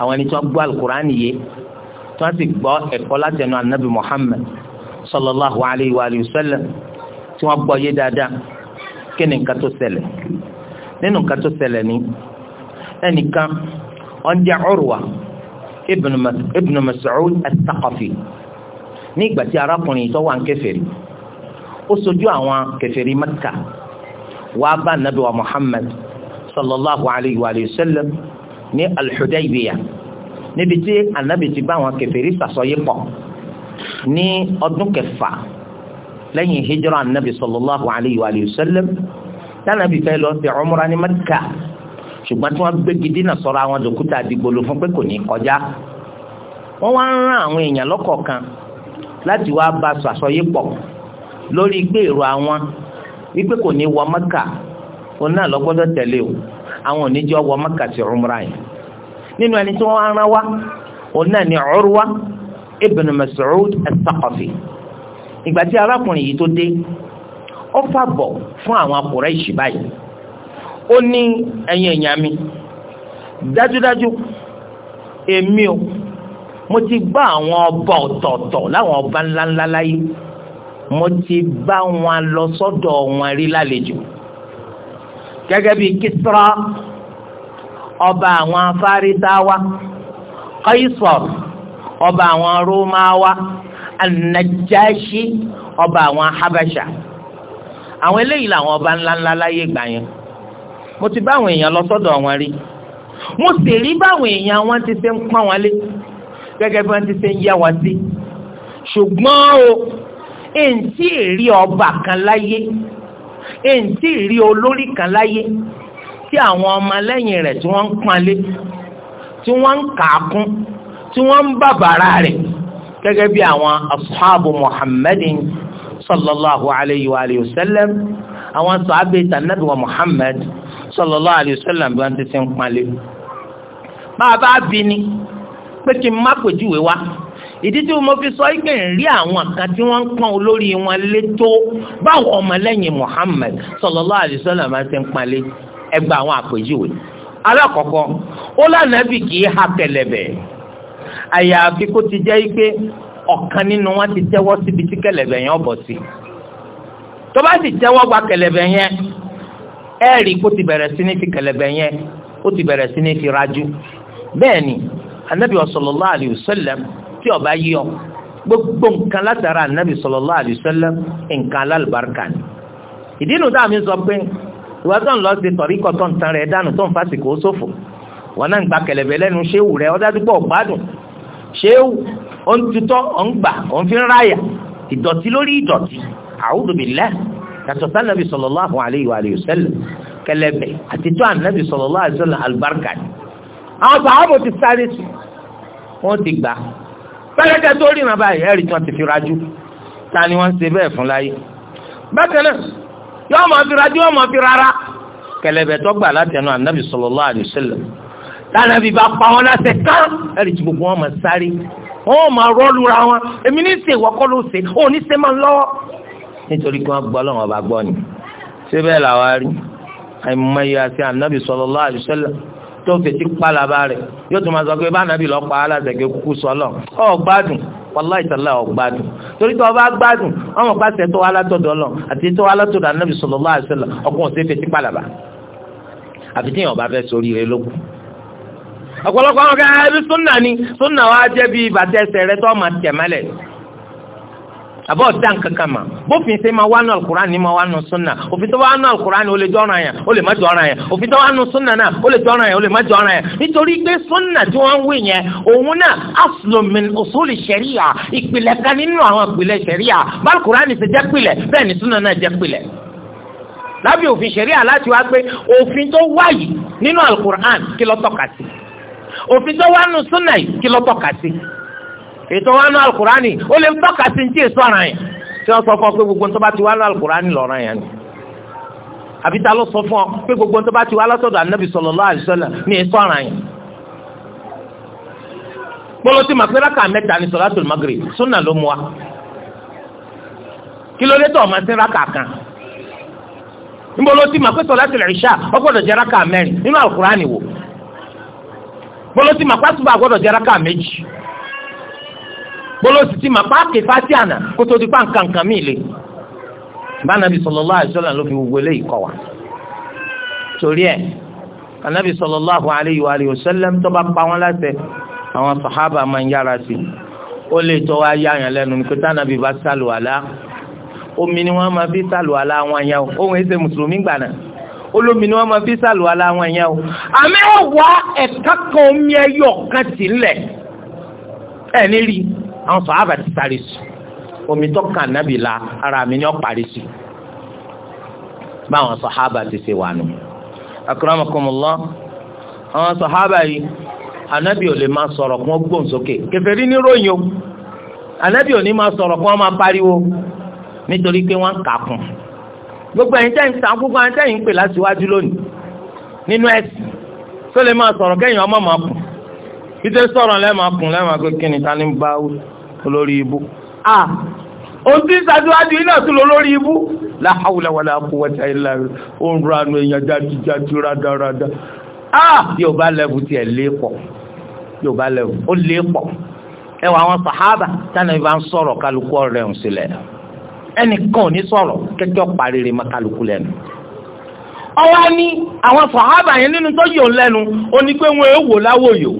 أو أن يتوقع القرآن تنسي بقى إقبالات النبي محمد صلى الله عليه وآله وسلم tí wọ́n gbọ́ yé dáadáa kí ni nǹkan tó ṣẹlẹ̀ nínú nǹkan tó ṣẹlẹ̀ ni ẹnìkan wọ́n jẹ́ Urwa ibn Mas'ud at-Thaqafi ní ìgbà tí arákùnrin tó wà ń kèfèrí ó sojú àwọn kèfèrí Mẹ́kà wàá bá Ànábì wa Muhammad sallallahu alayhi wa sallam ní al-Hudaybiyah níbi tí Ànábì ti bá àwọn kèfèrí sàsọyé pọ̀ ní ọdún kẹfà lẹ́yìn hijira anabi sallallahu alayhi wa sallam tánàbí fẹ́ lọ sí umra ní mẹ́ríkà ṣùgbọ́n tí wọ́n gbégi dínà sọ̀rọ̀ àwọn dòkúta àdìgbòlò fún pé kò ní kọjá wọ́n wá ń rán àwọn èèyàn lọ́kọ̀ọ̀kan láti wá bá aṣọ àṣọyé pọ̀ lórí pé èrò àwọn wípé kò ní wọ mẹ́kà òun náà lọ tẹ̀lé o àwọn oníjọ́ wọ mẹ́kà sí umra yẹn nínú ẹni tí wọ́n rán wá òun náà ni Urwa ibn Mas'ud al ìgbà tí arákùnrin yìí tó dé ó fàbọ̀ fún àwọn Kùráìṣì báyìí ó ní ẹ̀yin èèyàn mi dájúdájú èmi o mo ti bá àwọn ọba ọ̀tọ̀ọ̀tọ̀ láwọn ọba ńláńlá láyé mo ti bá wọn lọ sọ́dọ̀ wọn rí lálejò gẹ́gẹ́ bíi Kisra ọba àwọn afárísáwá Kaisar ọba àwọn rómáwá anajashi ọba àwọn habasha àwọn eléyìí làwọn ọba ńláńlá láyé gbà yẹn mo ti bá àwọn èèyàn lọ sọ́dọ̀ wọn rí mo sì rí báwọn èèyàn wọn ti ṣe ń pọ́n wọn lé gẹ́gẹ́ bí wọ́n ti ṣe ń yá wọn sí ṣùgbọ́n o èǹtí èrí ọba kan láyé èǹtí èrí olórí kan láyé tí àwọn ọmọlẹ́yìn rẹ̀ tí wọ́n ń pọ́n lé tí wọ́n ń kà á kún tí wọ́n ń bàbàrà rẹ̀ gẹ́gẹ́ bí àwọn ashabu muhammadin sallallahu alayhi wa alayhi wa sallam àwọn sàábé tànàbí wa muhammad sallallahu alayhi wa sallam bí wọ́n ti ti ń palẹ̀. bàbá bí ni pé kí n má pèjúwe wa ìdí tí mo fi sọ ike ń rí àwọn kan tí wọ́n ń pọ́n olórí wọn lé tó báwọn ọmọlẹ́yìn muhammed sallallahu alayhi wa sallam ti ń palẹ̀ ẹgbẹ́ àwọn àpèjúwe. alákọ̀ọ́kọ́ ó lànà bí kì í ha kẹlẹ̀bẹ̀ẹ́ àyàfi kó ti jẹ́ pé ọ̀kan nínú wọn ti tẹ́wọ́ síbi tí kẹlẹ̀bẹ̀ yẹn bọ̀ sí tó bá sì tẹ́wọ́ gba kẹlẹ̀bẹ̀ yẹn ẹ rí kó ti bẹ̀rẹ̀ sí ní fi kẹlẹ̀bẹ̀ yẹn ó ti bẹ̀rẹ̀ sí ní fi rájú bẹ́ẹ̀ ni anabi sallallahu alayhi wa sallam tí ó bá yí gbogbo nǹkan látara anabi sallallahu alayhi wa sallam nǹkan alálùbáríkà ni ìdí inú táàmì sọ pé ìwà tó ń lọ sí tọ̀ríkọ̀ tó ń tan rẹ̀ dànù ṣéwù ó ń tutọ́ ó ń gbà ó ń fi ń ráyà ìdọ̀tí lórí ìdọ̀tí a'udhu billah yàtọ̀ sànàbì sallallahu alayhi wa sallam kẹlẹ́bẹ̀ àti tó ànàbì sallallahu alayhi wa sallam alùbáríkà ni. àwọn sàhábà ti sáré sí wọ́n ti gbà pẹ́lẹ́tẹ́ tó rí nàbà ẹ̀rí tí wọ́n ti fi rajú ta ni wọ́n ń ṣe bẹ́ẹ̀ fún láyé. bákan náà yọ́ọ́ máa fi rajú yọ́ọ́ máa fi rárá kẹlẹ́bẹ̀ tó gbà láti ẹnu ànàbì sallallahu alayhi lánàá bí bá pa wọn láṣẹ kán ẹ̀rì tí gbogbo wọn máa sáré wọn máa rọ́lùra wọn èmi ní ṣe ìwọ kọ́ ló ṣe ó ní ṣe máa ń lọ́wọ́ nítorí kí wọ́n gbọ́ lọ́wọ́ bá gbọ́ ni ṣé bẹ́ẹ̀ làwa rí àìmọye àti ànábì sallallahu alaihi wasallam tó fètí pàlàbà rẹ̀ yóò tún máa sọ pé bá ànábì lọ pa aláṣẹ kí kúkú sọlọ ọ gbádùn wàláì tàlà ọgbádùn torí tó o bá gbádùn ọmọ pàṣẹ tó wà lọ àti tó wà ànábì sallallahu alaihi wasallam ọkùnrin ò sí fètí pàlàbà àfi tí èèyàn bá fẹ́ sórí rẹ̀ lókun ọ̀pọ̀lọpọ̀ àwọn kan ẹbí súnà ni súnà wa jẹ́ bíi bàtà ẹsẹ̀ rẹ tó máa tẹ̀ mọ́lẹ̀ àbọ̀ dán kankan mà bófin ṣe máa wá nù alukura ni máa wá nù súnà òfin tó wá nù alukura ni ó lè jọ́ra yẹn ó lè má jọ́ra yẹn òfin tó wá nù súnà náà ó lè jọ́ra yẹn ó lè má jọ́ra yẹn nítorí pé súnà tí wọ́n ń wí yẹn òun náà aslomin òsòlì sẹ́ríà ìpìlẹ̀ kan nínú àwọn ìpìlẹ̀ sẹ́ríà bálukura ni ṣe jẹ́ pìlẹ̀ bẹ́ẹ̀ ni súnà náà jẹ́ pìlẹ̀ lábẹ́ òfin sẹ́ríà láti wá pé òfin tó wáyìí nínú alukur'an kí ló òfin tó wà nù súnà yìí kí ló tọ́ka sí ètò wà nù alukurani ó lè tọ́ka sí ní tí èso ọ̀ràn yẹn tí wọ́n sọ fún ọ pé gbogbo tó bá ti wà nù alukurani lọ́ràn yẹn ni àbí ta ló sọ fún ọ pé gbogbo tó bá ti wà lọ́sọ̀dọ̀ anabi sallallahu alaihi wasallam ní èso ọ̀ràn yẹn kpọlọtì màkìlákà mẹ́ta ní sọlátùl magrib súnà ló mu wa kilomita ọmọ sí raka kan nbọlọtì màkìlákà sọlátùl ìṣà ọgbọdọ jẹ raka bọ́lọ́sì màpá túbọ̀ àgbọ̀dọ̀ jẹ́ rákà méjì bọ́lọ́sì ti màpá ké fásí ana kó tó di pa nǹkan nǹkan mí le bánabi sallallahu alaihi wasallam ló fi gbogbo eléyìí wa torí ẹ̀ e, anabi sallallahu alaihi wa alihi wasallam tó bá pa wọn láṣẹ àwọn sàhábà máa ń yára sí ó lè tọ́ wá yá àyàn lẹ́nu ní pété anabi bá sálù àlá omi ni wọ́n máa fi sálù àlá wọn yá ohun èsè mùsùlùmí gbà náà olómi ni wọ́n máa fi sàlùwàlá wọn o àmì ọ̀wá ẹ̀ka kan omi ẹyọ kan ti lẹ̀ ẹ̀ ní rí àwọn sọ àbàtì sáré sùn omi tó kàn nábì la ara mi ni ó parí sí báwọn sọ̀hábà ti ṣe wà nù. akramakumullah àwọn sọ̀hábà yìí anabi ò lè máa sọ̀rọ̀ kí wọ́n gbóhùn sókè kèfèrí ní ròyìn o anabi ò ní máa sọ̀rọ̀ kí wọ́n máa nítorí pé wọ́n kà kún gbogbo ẹ̀yin tẹ́ ń ta gbogbo ẹ̀yin tẹ́ ń pè láti wájú lónìí nínú ẹ̀sìn tó lè máa sọ̀rọ̀ kẹ́yìn ọmọ máa kù títí sọ̀rọ̀ lẹ́ẹ̀ma kù lẹ́ẹ̀ma pé kí ni ta ni ń bá olórí ibú. a ohun tí ṣáájúwájú iná tún lọ lórí ibú láhàwùlà wà láàpù wọ́tá ilá rẹ̀ ó ń ra nu èèyàn jájíjájú rádaràdà. a yóò bá lẹ́bù tiẹ̀ lé pọ̀ yóò bá lẹ́bù ó lé pọ̀ ẹwà àwọn sàhábà tánà ìbá ń sọ̀rọ̀ kálukú ọ̀rẹ́ ẹnìkan ò ní sọ̀rọ̀ kẹjọ parire makaluku lẹ́nu ọwọ́ ní àwọn sàhábà yẹn nínú tó yọ̀ lẹ́nu ó ní pé wọ́n èèwò láwòyò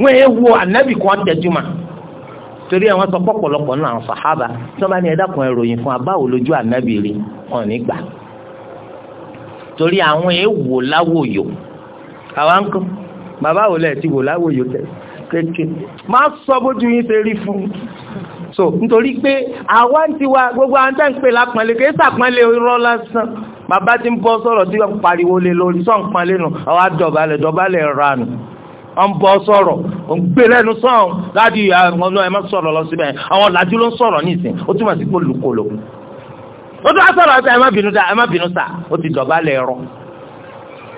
wọ́n èèwò ànábì kan tẹ̀júmọ́ torí àwọn sọ pọ̀pọ̀lọpọ̀ náà àwọn sàhábà tó bá ní ẹ̀dá kan ìròyìn fún abáwò lójú ànábì rí wọn ní torí àwọn èèwò láwòyò àwọn ń kọ́ bàbá wò lẹ́ẹ̀ ti wò láwòyò tẹ̀sí kéèké má sọ bójú yín ṣe rí fún so nítorí pé àwa ń tiwa gbogbo àwọn tẹ́ ń pè lápọ̀nlé kì í sàpọ̀nlé irọ́ lásán bàbá ti ń bọ́ sọ̀rọ̀ tí wọ́n pariwo lé lórí sọ̀npọ̀nlé nù àwa dọ̀bálẹ̀ dọ̀bálẹ̀ ranù ọ̀n bọ́ sọ̀rọ̀ ọ̀n gbé lẹ́nu sọ̀rọ̀ láti àwọn ọ̀nà ẹ̀ má sọ̀rọ̀ lọ síbẹ̀ àwọn làjú ló ń sọ̀rọ̀ nísìn ó túmọ̀ sí pé olùkọ́lò ó tún á sọ̀rọ̀ ẹ̀ má bínú dá ẹ̀ má bínú sà ó ti dọ̀bálẹ̀ rọ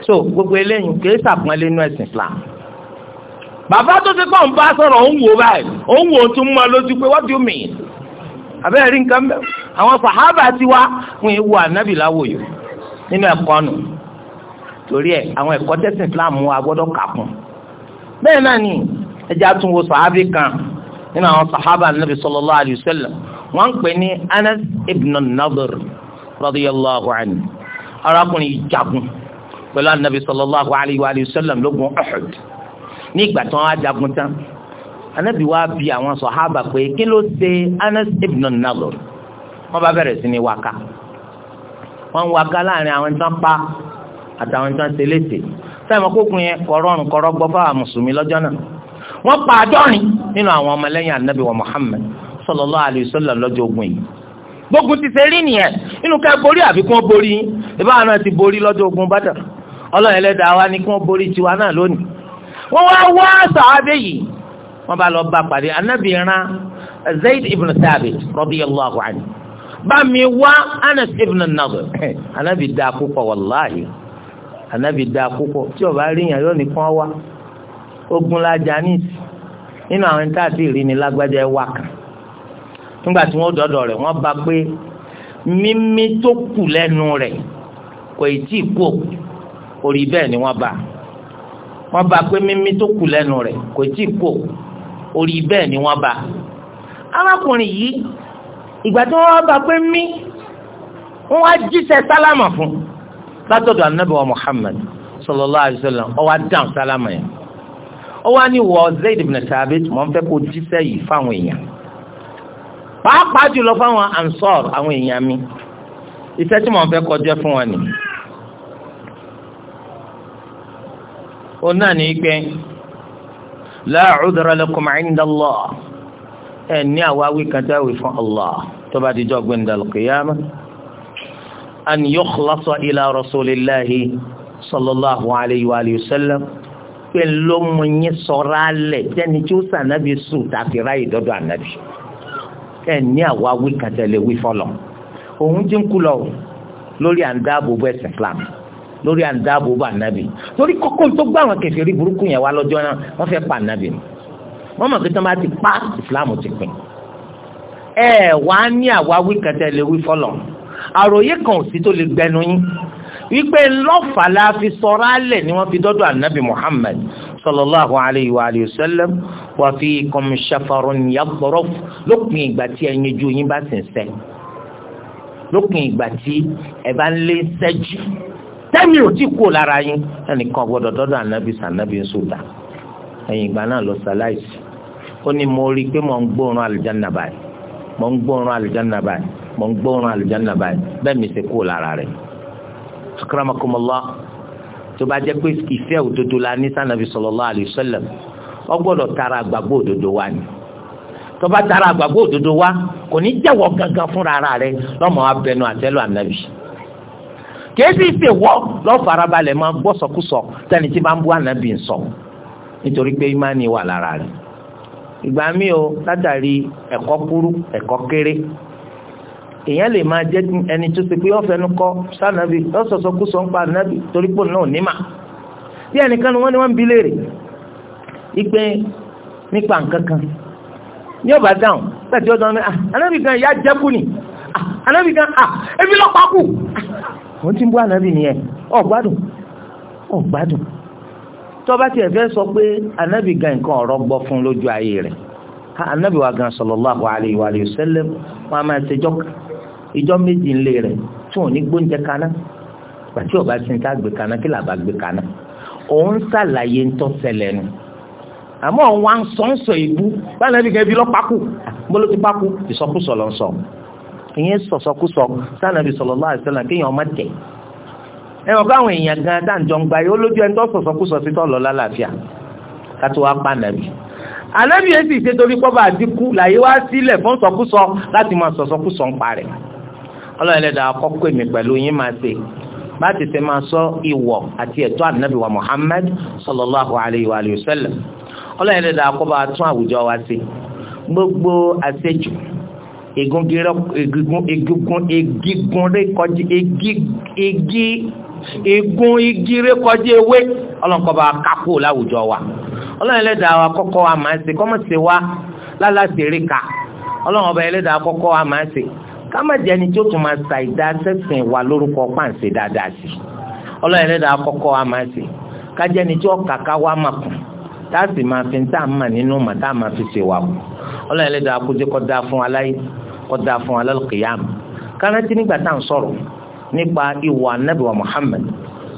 so gbogbo eléyìí kì í sàpọ̀nlé nú ẹ̀sìn Islam bàbá tó ti kàn bá sọ̀rọ̀ òun wò báyìí òun wò tún mọ́ lójú pé what do you mean abẹ́rẹ́ rí nǹkan bẹ́ẹ̀ àwọn sàhábà ti wá fún ewu ànábì láwòyò nínú ẹ̀kọ́ nù torí ẹ̀ àwọn ẹ̀kọ́ tẹ̀sìn Islam wa gbọ́dọ̀ kà kún bẹ́ẹ̀ náà ni ẹja tún wo sàhábì kan nínú àwọn sàhábà ànábì sallallahu alayhi wa sallam wọ́n ń pè ní Anas ibn Nadir radiyallahu anhu arákùnrin jagun pẹ̀lú ànábì sallallahu alayhi wa sallam lógun ní ìgbà tí wọ́n á jagun tán anabi wa bi àwọn sọ̀hábà pé kí ló ṣe Anas ibn Nadhr wọ́n bá bẹ̀rẹ̀ sí ní waka wọ́n ń waka láàrin àwọn tán pa àtàwọn tán ṣe léṣe sáyẹn kókun yẹn kọ̀rọ̀rùn kọ̀rọ̀ gbọ́ fáwọn mùsùlùmí lọ́jọ́ náà wọ́n pa àádọ́rin nínú àwọn ọmọlẹ́yìn anabi wa Muhammad sallallahu alaihi wasallam lọ́jọ́ ogun yìí gbógun ti ṣe rí nìyẹn nínú ká borí àfikún borí ìbáwọn náà ti borí lọ́jọ́ ogun Badr Ọlọ́run ẹlẹ́dàá wa ni kí wọ́n borí tiwa náà lónìí wọ́n wá wá sàábẹ́ yìí wọ́n bá lọ bá pàdé anabi ran Zayd ibn Thabit radiyallahu anhu bá mi wá Anas ibn Nadir anabi dáa púpọ̀ wàláhì anabi dáa púpọ̀ tí o bá rí yàn yóò ní kán wá ogun lajà ní nínú àwọn tá a ti rí ni lágbájá ẹ kan nígbà tí wọ́n dọdọ rẹ̀ wọ́n bá pé mímí tó kù lẹ́nu rẹ̀ kò tí ì kú orí bẹ́ẹ̀ ni wọ́n bá a wọ́n bá pé mímí tó kù lẹ́nu rẹ̀ kò tí ì kò orí bẹ́ẹ̀ ni wọ́n bá arákùnrin yìí ìgbà tí wọ́n bá pé mí wọ́n wá jíṣẹ́ sálámà fún látọ̀dọ̀ anábì wa Muhammad sallallahu alaihi wasallam ó wá dáhùn sálámà yẹn ó wá ní wọ Zaid ibn Thabit mọ̀ ń kó jíṣẹ́ yìí fáwọn èèyàn pàápàá jùlọ fáwọn ansọ́r àwọn èèyàn mi iṣẹ́ tí mọ̀ ń kọjá fún wọn nìyí. òun náà ní pé la udra lakum inda Allah ẹ̀ ní àwáwí kan tẹ́wì fún Allah tó bá dijọ́ gbẹ̀ndà al-qiyamah an yukhlasa ila rasulillahi sallallahu alayhi wa sallam pé ló mú yín sọ̀rọ̀ alẹ̀ jẹ́ni tí ó sànábi sùn tàbí ráyè dọ́dọ̀ ànábi ẹ̀ ní àwáwí kan tẹ́lẹ̀ wí fọlọ̀ òun ti ń kú lọ lórí à ń dáàbò bo lórí à ń dáàbò bá ànábì torí kókó tó gbá àwọn kèfèrí burúkú yẹn wá lọ́jọ́ náà wọ́n fẹ́ pa ànábì ni wọ́n mọ̀ pé tí wọ́n bá ti pa ìsìláàmù ti pin ẹ wà á ní àwáwí kẹtẹ lè wí fọlọ àròyé kan ò sí tó lè gbẹnu yín wípé lọ́fà la fi sọ̀rọ̀ alẹ̀ ni wọ́n fi dọ́dọ̀ ànábì Muhammad sallallahu alayhi wa alayhi wa sallam wa fiikum shafarun yadhruf lópin ìgbà tí ẹyin ojú yín bá sì sẹ́ lópin ìgbà tí ẹ bá ń lé sẹ́jú. tẹ́mi ò tí kú lára yín ẹnìkan gbọ́dọ̀ dọ́dọ̀ ànábì sànábì ń sùdà ẹ̀yìn ìgbà náà lọ sàláìsì ó ní mo rí i pé mò ń gbóòórùn àlùjáná báyìí mò ń gbóòórùn àlùjáná báyìí mò ń gbóòórùn àlùjáná báyìí bẹ́ẹ̀ mi ṣe kú lára rẹ̀ tó la ní tara agbago òdodo wa ni tó bá tara àgbàgbọ́ òdodo wa kò ní jẹ́wọ́ gangan fúnra abẹnú kéésì ṣe wọ́ lọ́farabalẹ̀ máa gbọ́ sọkúsọ tẹni tí máa ń bú ànábì ń sọ nítorí pé ìmánì wà lára rẹ̀ ìgbà míì o látàrí ẹ̀kọ́ kúrú ẹ̀kọ́ kéré èèyàn lè máa jẹ́ ẹni tó ṣe pé ọ̀fẹ́nu kọ́ sànàbì ọ̀sọ̀sọkúsọ ń pa ànábì torí pò náà nímà bí ẹnìkan ni wọ́n ní wọ́n ń bi léèrè ipe nípa nǹkan kan ní ọba dáhùn pẹ̀tí ọjọ́ ní ànábì kan ìyá jẹ́kù ni ah, ànábì kan à lọ́pàá kù ó ti ń bú ànábì nìyẹn ọ̀gbádùn ọ̀gbádùn tọ́ba tiẹ̀ fẹ́ sọ pé ànábì gan nǹkan ọ̀rọ̀ gbọ́ fún lójú ayé rẹ̀ ànábì wa gan sallallahu alayhi wa sallam wọn a máa ṣe ìjọ méjì ńlẹ̀ rẹ̀ tí wọn ò ní gbóúnjẹ kaná pàtí ọba ti ń ká gbé kaná kí làbá gbé kaná òun ṣàlàyé ń tọ́ ṣẹlẹ̀ nu àmọ́ òun wa ń sọ ń sọ ìbú báyìí nàbì gan ibi lọ́ pákó mbọ́lọ́ ìyẹn sọ̀sọ́kúsọ sànàbì sallallahu alaihi wasallam kéèyàn ọmọ tẹ̀ ẹ wọ́n káwọn èèyàn gan dáńjọ ń gba yìí olójú ẹni tó sọ̀sọ́kúsọ sí tọ́lọ̀ lálàáfíà kátó wá pa nàbì ànábì yẹn sì ṣe torí pọ́bà àdínkù làyé wá sílẹ̀ fún sọ̀kúsọ láti máa sọ̀sọ́kúsọ ń parẹ́ ọlọ́ọ̀lẹ́dàá Muhammad sallallahu wa sallam ọlọ́ọ̀lẹ́dàá kọ́ bá tún àwùjọ wa ṣe gbogbo àṣejù egun igi rékọjí ewé ọlọ́nkọba kápò láwùjọ wa ọlọ́run ẹlẹ́dàá wa kọ́kọ́ wa máa ń ṣe kọ́mọ̀sí wa lálásìírí ka ọlọ́run ọba ẹlẹ́dàá kọ́kọ́ wa máa ń ṣe ká má jẹ́ ẹni tí ó tún máa sa ìdá wa lórúkọ pàǹsẹ̀ dáadáa sí ọlọ́run ẹlẹ́dàá kọ́kọ́ wa máa ń ṣe ká tí ó kàkà wa máa kù tá a sì máa fi ń tà mà nínú mà máa fi ṣe wà kù ọlọ́run ẹlẹ́dàá kó dáa fún aláyé kódà fún alálùkìyàm kárántì nígbà tá à ń sọ̀rọ̀ nípa ìwà ànábì wa Muhammad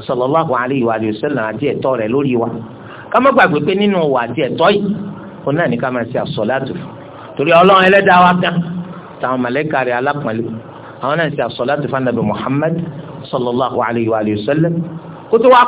sallallahu alayhi wa sallam àti ẹ̀tọ́ rẹ̀ lórí wa ká má gbàgbé pé nínú ìwà àti ẹ̀tọ́ yìí ó náà ní ká máa ṣe àsọ̀látù torí ọlọ́run ẹlẹ́dàá wa kan táwọn màlẹ́kà rẹ̀ alápọ̀nlé àwọn náà ṣe àsọ̀látù fún ànábì Muhammad sallallahu alayhi wa sallam kó tó wá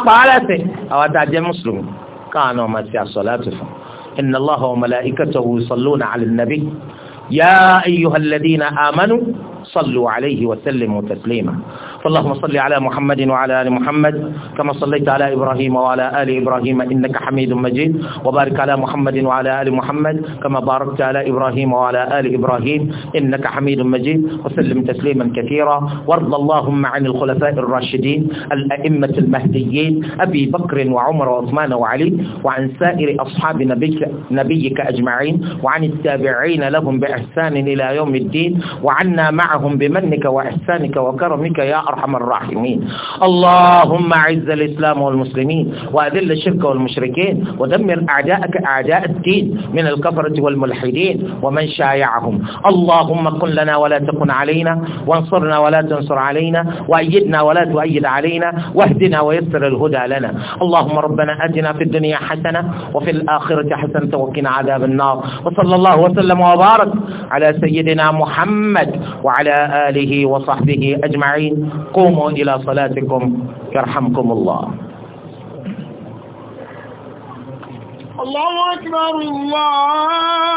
يا أيها الذين آمنوا صلوا عليه وسلموا تسليما فاللهم صل على محمد وعلى آل محمد كما صليت على إبراهيم وعلى آل إبراهيم إنك حميد مجيد وبارك على محمد وعلى آل محمد كما باركت على إبراهيم وعلى آل إبراهيم إنك حميد مجيد وسلم تسليما كثيرا وارض اللهم عن الخلفاء الراشدين الأئمة المهديين أبي بكر وعمر وعثمان وعلي وعن سائر أصحاب نبيك, نبيك أجمعين وعن التابعين لهم بإحسان إلى يوم الدين وعنا معهم بمنك وإحسانك وكرمك يا أرحم الراحمين اللهم أعز الإسلام والمسلمين وأذل الشرك والمشركين ودمر أعداءك أعداء الدين من الكفرة والملحدين ومن شايعهم اللهم كن لنا ولا تكن علينا وانصرنا ولا تنصر علينا وأيدنا ولا تؤيد علينا واهدنا ويسر الهدى لنا اللهم ربنا أتنا في الدنيا حسنة وفي الآخرة حسنة وقنا عذاب النار وصلى الله وسلم وبارك على سيدنا محمد وعلى آله وصحبه أجمعين قوموا إلى صلاتكم يرحمكم الله الله أكبر الله